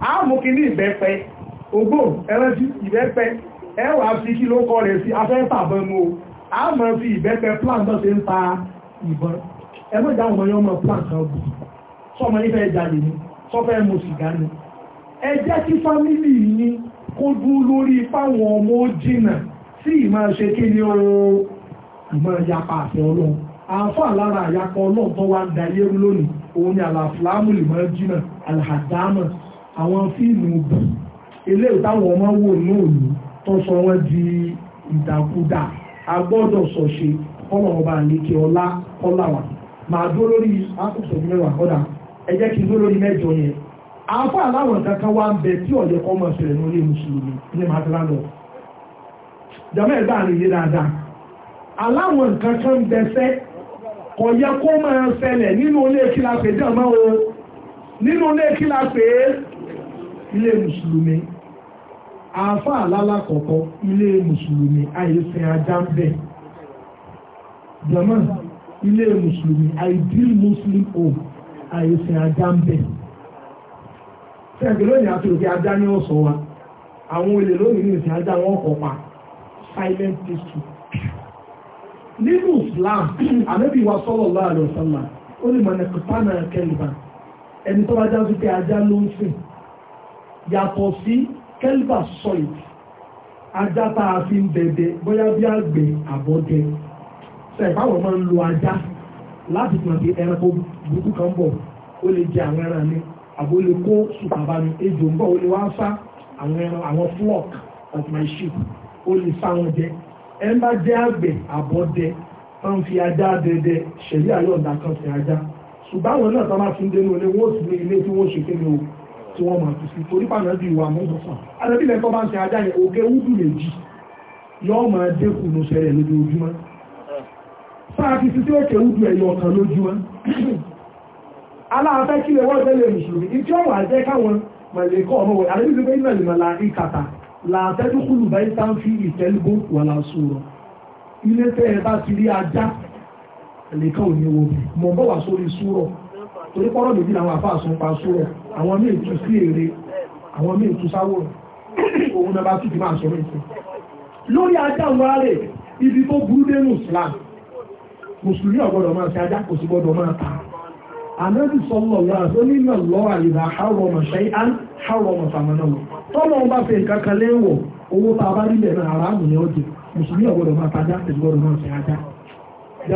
àmú kí ní ìbẹ́pẹ ogbó ẹlẹ́sí ìbẹ́pẹ ẹwà fi kí ló kọ́ rẹ̀ sí afẹ́fà bẹnu o àmọ́ fi ìbẹ́pẹ plan náà ṣe ń ta ìbọn ẹgbẹ́ ìjà ọmọ yẹn ọmọ plan kan bù sọmọ yìí fẹ́ jalè ni sọfẹ́ mu sìgá ni ẹ jẹ́ kí fámìlì yín kó dúró lórí fáwọn ọmọ ó jìnà sí ìmọ̀ ṣe kí ni o ìmọ̀ yapa àṣẹ ọlọ́run àáfà lára àyàkọ ọlọ́run tó wá ń da yẹ́rú lónìí òun ni àlàfíà mùlùmọ́ jìnà àlàdámọ̀ àwọn fíìmù bù eléyìí táwọn ọmọ wò lóòlù tó sọ wọ́n di ìdàkudà a gbọ́dọ̀ sọ̀ṣe kọ́nà ọba àlékè ọlá kọ́là wà máa dúró lórí akọ̀sọ̀ mẹ́wàá kọ́dà ẹ jẹ́ kí n dúró lórí mẹ́jọ yẹn afọ aláwọn kankan wá ń bẹ tí ọ̀yẹ́ kọ́ mọ̀ ṣẹlẹ̀ lórí mùsùlùmí ní màdúrádọ̀ jàmẹ́ ẹ̀gbà rẹ̀ yé dáadáa aláwọn kankan bẹ fẹ́ kò yẹ kó máa ṣẹlẹ̀ nínú ilé kílápẹ̀ jàmọ́ o nínú ilé kílápẹ̀ ilé mùsùlùmí àáfà alálàkọ̀kọ́ ilé mùsùlùmí àìsàn ajá ń bẹ̀ jọmọ́ ilé mùsùlùmí ideal muslim home àìsàn ajá ń bẹ̀ sẹ́ẹ̀kì àtòkè ajá ní ọ̀sọ̀ wa àwọn olè lónìí ní ìsìn ajá wọn kọ̀ pa silent history nínú Islam wa sallallahu alaihi wasallam ó lè mọ̀ ẹni yàtọ̀ sí kẹ́lbà sọ́ìd ajá tá a fi ń dẹdẹ bóyá bí àgbẹ̀ àbọ̀dẹ sọ ìfáwọn máa ń lo ajá láti fi hàn pé ẹranko burúkú kan bọ̀ ó lè jẹ àwọn ẹran mi àbó lè kó sùpàbà mi ejò ń bọ̀ ó lè wá sá àwọn ẹran àwọn flock of my sheep ó lè sá wọn jẹ ẹ ń bá jẹ́ àgbẹ̀ àbọ̀dẹ tó ń fi ajá dẹdẹ ṣẹ̀lí àyọ̀ǹda kan sí ajá ṣùgbọ́n àwọn náà tó máa fi ń dénú ilé wọn ò sì ní ilé tí wọ́n ṣe kéde o tí wọ́n máa tù sí torí pàmò ẹbí ìwà mọ́sọ̀sán adébílẹ̀ tó bá ń ṣe ajá yẹn ògé wúdù méjì yóò máa dẹ́kù ló ṣẹlẹ̀ lójoojúmọ́ sáà ti títí òkè wúdù ẹ̀yọ ọ̀kan lójúmọ́ aláàfẹ́ kí lè wọ́n tẹ́lẹ̀ mùsùlùmí ìtí ọ̀wà jẹ́ káwọn mọ̀lẹ́kọ́ ọmọ wẹ̀ àdébí pé iná ìmọ̀ la ìkàtà làtẹ́jú kúlù bá ìta ń fi ìtẹ́lúgbó wà lásùrọ̀ ilé tẹ́ ẹ bá ti rí ajá ẹ̀lẹ́kọ́ òní wo mọ̀ bọ́ wà sórí súrọ̀ torí pọ́rọ̀ méjì làwọn àfáà sún pa súrọ̀ àwọn míì tú sí èrè àwọn míì tú sáwò òun náà bá sì ti máa sọ̀rọ̀ ibi tó burú dénú Islam mùsùlùmí ọ̀gbọ́dọ̀ máa ṣe ajá kò sí gbọ́dọ̀ máa ta ọmọ ṣe án ọmọ lọ tọ́lọ́ wọn bá fẹ́ nǹkan kan léèwọ̀ owó tá a bá nílẹ̀ náà aráàlú ni ó jẹ mùsùlùmí ọ̀gbọ́dọ̀ máa ta ajá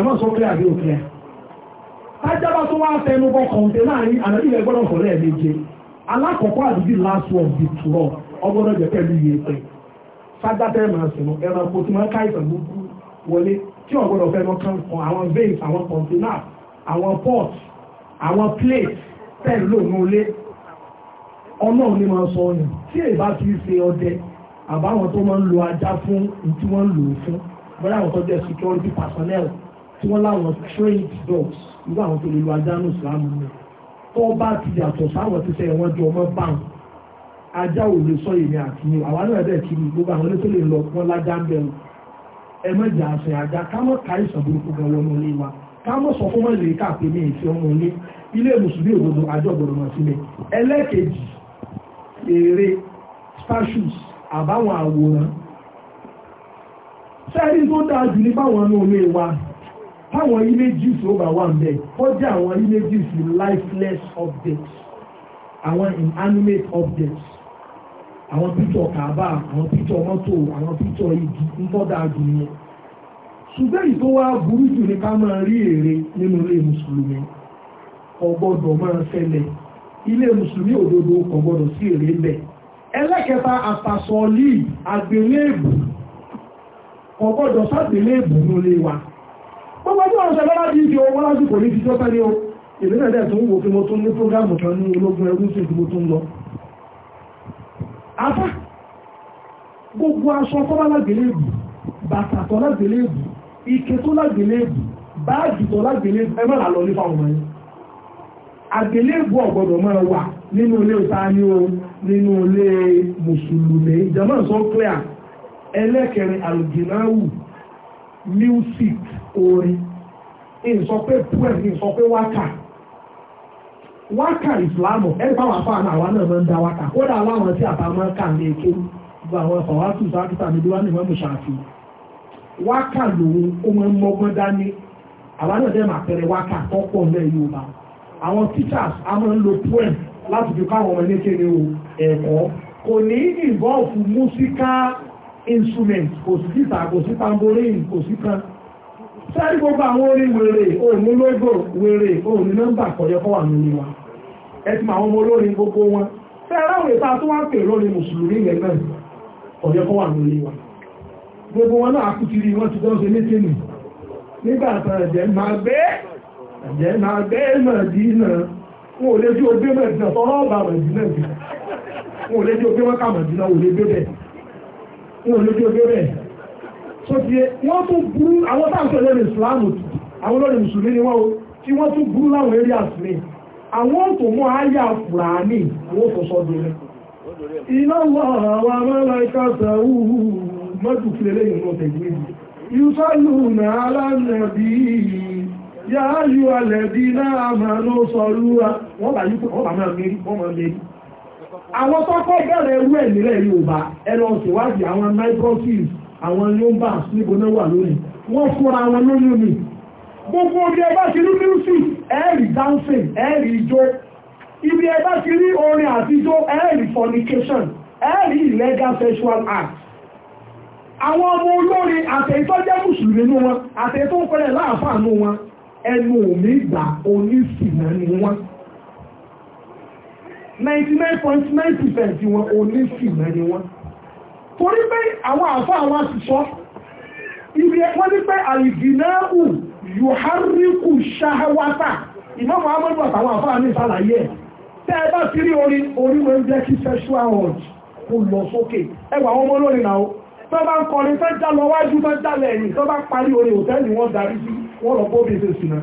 kò tájábá tó wá fẹnu bọ kọ̀ǹté láàrin ànábì rẹ̀ gbọ́dọ̀ sọ̀rọ̀ ẹ̀ méje alákọ̀ọ́kọ́ àdúgbì last one di tùrọ̀ ọgbọ́dọ̀ jẹ́ pẹ̀lú iye pẹ̀ sájá tẹ́ máa sìnú ẹranko tí wọ́n ká ìtàn gbogbo wọlé tí ọgbọ́dọ̀ fẹnu kan kan àwọn veins àwọn kọ̀ǹténà àwọn pot àwọn plate pẹ̀lú lónúlé ọlọ́run ni máa sọ ọyàn tí èyí bá ti ṣe ọdẹ àbáwọn tó máa ń lo ajá fún tí wọ́n ń lò ó fún bọ́dọ̀ àwọn tó jẹ́ security personnel tí wọ́n láwọn trained dogs irú àwọn tó lè lo ajá ní ìsìlámù náà tó bá ti yàtọ̀ sáwọn tí sẹ́yìn wọ́n jọ ọmọ bá wọn ajá ò lè sọ èmi àti yín àwa náà bẹ́ẹ̀ kiri gbogbo àwọn tó lè lọ wọn lájá ń bẹ̀rù ẹ mọ̀ ìjà àṣẹ ajá ká mọ̀ ká ìsàn burúkú gan wọnú ilé wa ká mọ̀ sọ fún wọn lè ká pé ní ìfẹ́ ọmọ ilé ilé mùsùlùmí òdodo àjọ gbọdọ̀ mọ̀ sílẹ̀ ẹlẹ́ẹ̀kejì èrè statues àbáwọn àwòrán sẹ́yìn tó dáa jù ní báwọn náà lè wa táwọn images ó bá wà ń bẹ̀ kọjá àwọn in lifeless objects àwọn inanimate objects àwọn picture kàbá àwọn píṣọ̀ picture àwọn píṣọ̀ igi picture tọ́da àdùnnú ṣùgbọ́n èyí tó wá burú jù ní ká máa rí èrè nínú ilé mùsùlùmí kò gbọ́dọ̀ máa ṣẹlẹ̀ ilé mùsùlùmí òdodo kò gbọ́dọ̀ sí èrè ń bẹ̀ ẹlẹ́kẹta àtàsọ̀ọ́lì àgbélébù kò gbọ́dọ̀ ságbélébù nílé wa gbogbo tí wọ́n ṣẹlẹ́ láti ìdí owó lásìkò ní ti tọ́ta ní o ìrìnlẹ̀ tó ń wo fi mo tún ní prógámù kan ní ológun ẹrú sí ìdíbò tó ń lọ afá gbogbo aṣọ tó bá lágbélébù bàtà tó lágbélébù ike tó lágbélébù báàgì tó lágbélébù ẹ mọ́ra lọ nípa ọmọ yẹn àgbélébù ọ̀gbọ́dọ̀ máa wà nínú ilé ìta ní o nínú ilé mùsùlùmí ìjọba ìsọ́ clear ẹlẹ́kẹrin àlùjìnnáwù music orin ìsọ pé puẹ̀ ìsọ waka waka ẹni bá wàá fáwọn náà máa ń da waka kódà aláwọn tí àtàwọn kà ní èké gbogbo àwọn ọkọ̀ wá tùsọ̀ àkítà níbi ní waka lòun ó máa ń dání náà dẹ́ máa pẹ̀rẹ̀ waka tọ́pọ̀ ní ẹ̀yìn ọba àwọn teachers a máa ń lo láti fi káwọn ọmọ ẹni o ẹ̀kọ́ instrument kò sí títà kò sí tambourine kò sí kan sẹ́rí gbogbo àwọn orin wèrè òun lógo wèrè òun nọ́mbà kọ̀yọ́kọ́ wà nínú àwọn olórin gbogbo wọn fẹ́ráwé tá a tó wá pè lórí mùsùlùmí ilẹ̀ náà wà gbogbo wọn náà akútiri wọn ti dánṣe ní nígbà ẹ̀jẹ̀ máa gbé ẹ̀jẹ̀ wọn ò lè jẹ́ bẹ́ẹ̀ tó ti buru wọ́n tún burú àwọn táwọn àwọn ni wọ́n o tí wọ́n tún burú láwọn eré àsìlẹ̀ àwọn tó mọ́ àyà fúlàní àwọn tó sọ dòrè iná wọ àwọn amẹ́lẹ́kà sẹ́wù mọ́tò fi lélẹ́yìn náà tẹ̀lé náà máa wọ́n àwọn tó kọ́ bẹ̀rẹ̀ ẹrú ẹ̀ nílẹ̀ Yorùbá ẹnu ọ̀sẹ̀ wájú àwọn microfilm àwọn lombas níbo náà wà lónìí wọ́n fúnra wọn lóyún ni gbogbo ibi ẹ bá ti rí music ẹ̀rì dancing ẹ̀rì ijó ibi ẹ bá ti rí orin àtijó ẹ̀rì fornication ẹ̀rì illegal sexual act àwọn ọmọ olórin àtẹ̀tọ́ jẹ́ mùsùlùmí nínú wọn àtẹ̀tọ́ ń pẹ́lẹ̀ láàfáà nínú wọn ẹnu òmìgbà onísìnà ni wọn ninety nine point nine percent wọn oníṣìnà ni wọ́n torí pé àwọn àfọ́ àwọn àṣìṣọ́ ibi wọ́n ní pé àìdínáhù yòháríkù ṣáháwátà Imam Muhammad àtàwọn àfọ́ ní ìsàlàyé ẹ̀ tẹ́ ẹ bá ti rí orin orin wọn jẹ́ kí sexual urge kò lọ sókè ẹwà àwọn ọmọ olórin náà tó bá ń kọrin fẹ́ já lọ wájú fẹ́ já lẹ́yìn tó bá parí orin òtẹ́ẹ̀lì wọn darí sí wọn lọ bóbi ṣe sí náà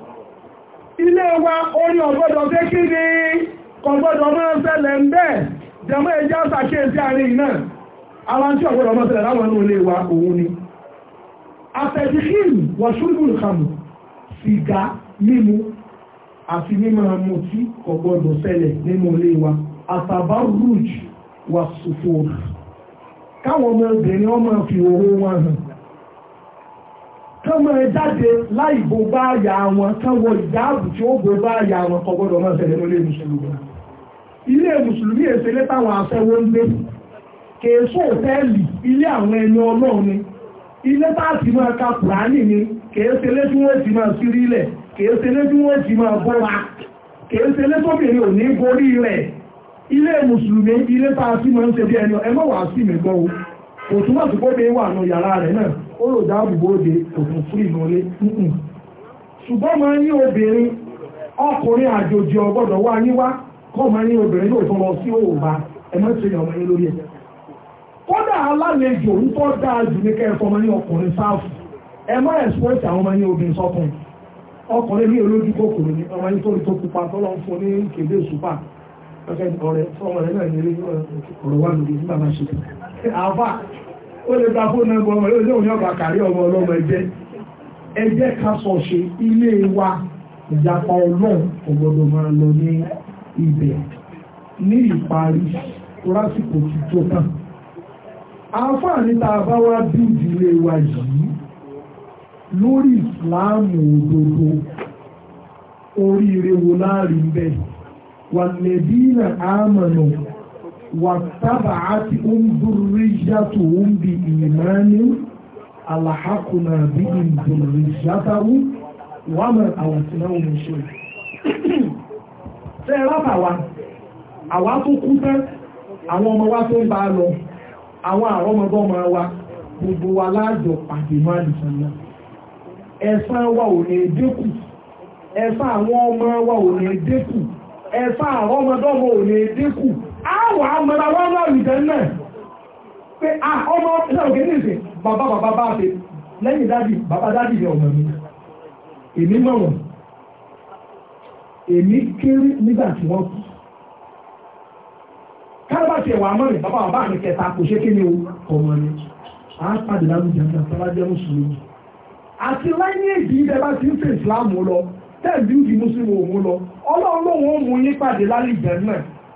ilé wa onye ọgbọdọ fẹ́ kí ni kọ̀gbọ́dọ̀ máa ṣẹlẹ̀ ń bẹ́ẹ̀ jẹmọ́ ẹjá sàkíyèsí àárín náà àwọn tí ọ̀gbọ́dọ̀ máa ṣẹlẹ̀ láwọn inú wa òun ni afẹ́dìkín wọ̀ṣúrùn kàmù sìgá mímu àti mímọ̀ mutí kọ̀gbọ́dọ̀ ṣẹlẹ̀ nínú ilé wa àtàbá rúùjì wà sùfòrò káwọn ọmọ obìnrin ọmọ fi owó wọn kán máa jáde láì bo bá àyà wọn kán ìdáàbò tí ó bo bá àyà wọn kò gbọ́dọ̀ máa ṣẹlẹ̀ lórí mùsùlùmí ilé mùsùlùmí èsè létàwọn aṣẹ́wó ń gbé kèésù òtẹ́ẹ̀lì ilé àwọn ẹni ni ni wọ́n ti máa wọ́n ti máa ò ní gorí rẹ̀ ilé mùsùlùmí ilé olùdáàbòbò òde òfin fún ìmọ̀lé ṣùgbọ́n ma ní obìnrin ọkùnrin àjòjì ọgbọ́dọ̀ wá yín wá kọ́ ní obìnrin yóò tún lọ sí òòbá ẹ̀mọ́ ṣe yàn ọmọ yín lórí ẹ̀. kódà alálejò ń tọ́ ní kẹ́ẹ̀fọ́ máa ní ọkùnrin ẹ̀mọ́ àwọn ní obìnrin ọkùnrin ní olójú kòkòrò ní ọmọ yín tó pupa fún ó lè gba fóònù ẹgbọ́n ọmọ yóò lóun yọ̀bà kárí ọmọ ọlọ́mọ ẹjẹ́ ẹjẹ́ ká sọ ṣe ilé wa ìjàpá ọlọ́run ọgbọ́dọ̀ máa lọ ní ibẹ̀ ní ìparí lásìkò ti tó tán àǹfààní tá a bá wá bí ìdílé wa yìí lórí ìsìláàmù òdodo oríire wo láàrin bẹ́ẹ̀ wà lẹ́bí náà àmọ̀ náà. واتبعت أم ذريتهم بإيمان ألحقنا بهم ذريتهم وما أوتناهم من شيء ṣe rábà wa àwa tó kú tán àwọn ọmọ wa tó ń bá lọ àwọn àrọ́mọdọ́mọ wa gbogbo wa láàjọ pàdé máa náà ẹ̀san ò ní àwọn ọmọ wa ò ní ò ní àwọn amọ̀lá wọn náà rìjẹ́ náà pé ọmọ ìṣẹ́ òkè ní ìsìn bàbá bàbá bá ṣe lẹ́yìn dádì bàbá dádì rẹ̀ ọmọ mi èmi mọ̀ wọ́n èmi kéré nígbà tí wọ́n kú kábàtì ẹ̀wà mọ́rin bàbá bàbá mi kẹta kò ṣe kí ni ọmọ mi a pàdé lárúgbìn àti àtàlájẹ́ mùsùlùmí àti lẹ́yìn èdè ìdẹ́ bá ti ń fẹ́ ìsìlámù lọ tẹ́ẹ̀bí ìdí mùsùlùmí òun lọ ọlọ́run lòun ó mú yín pàdé lálẹ́ ìjẹ́ náà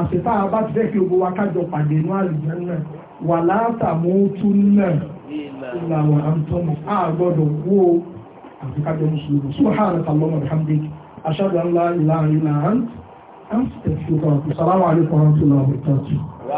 àṣetá bá ti fẹ́ kí gbogbo wa kájọ pàdé inú àlùjẹ́ náà wà látàmú tún náà ìlànà àǹtọ́nù á gbọ́dọ̀ wó àti kájọ mùsùlùmí subhanaka Allahumma bihamdik ashhadu an la ilaha illa anta astaghfiruka wa atubu ilayk assalamu alaykum wa rahmatullahi wa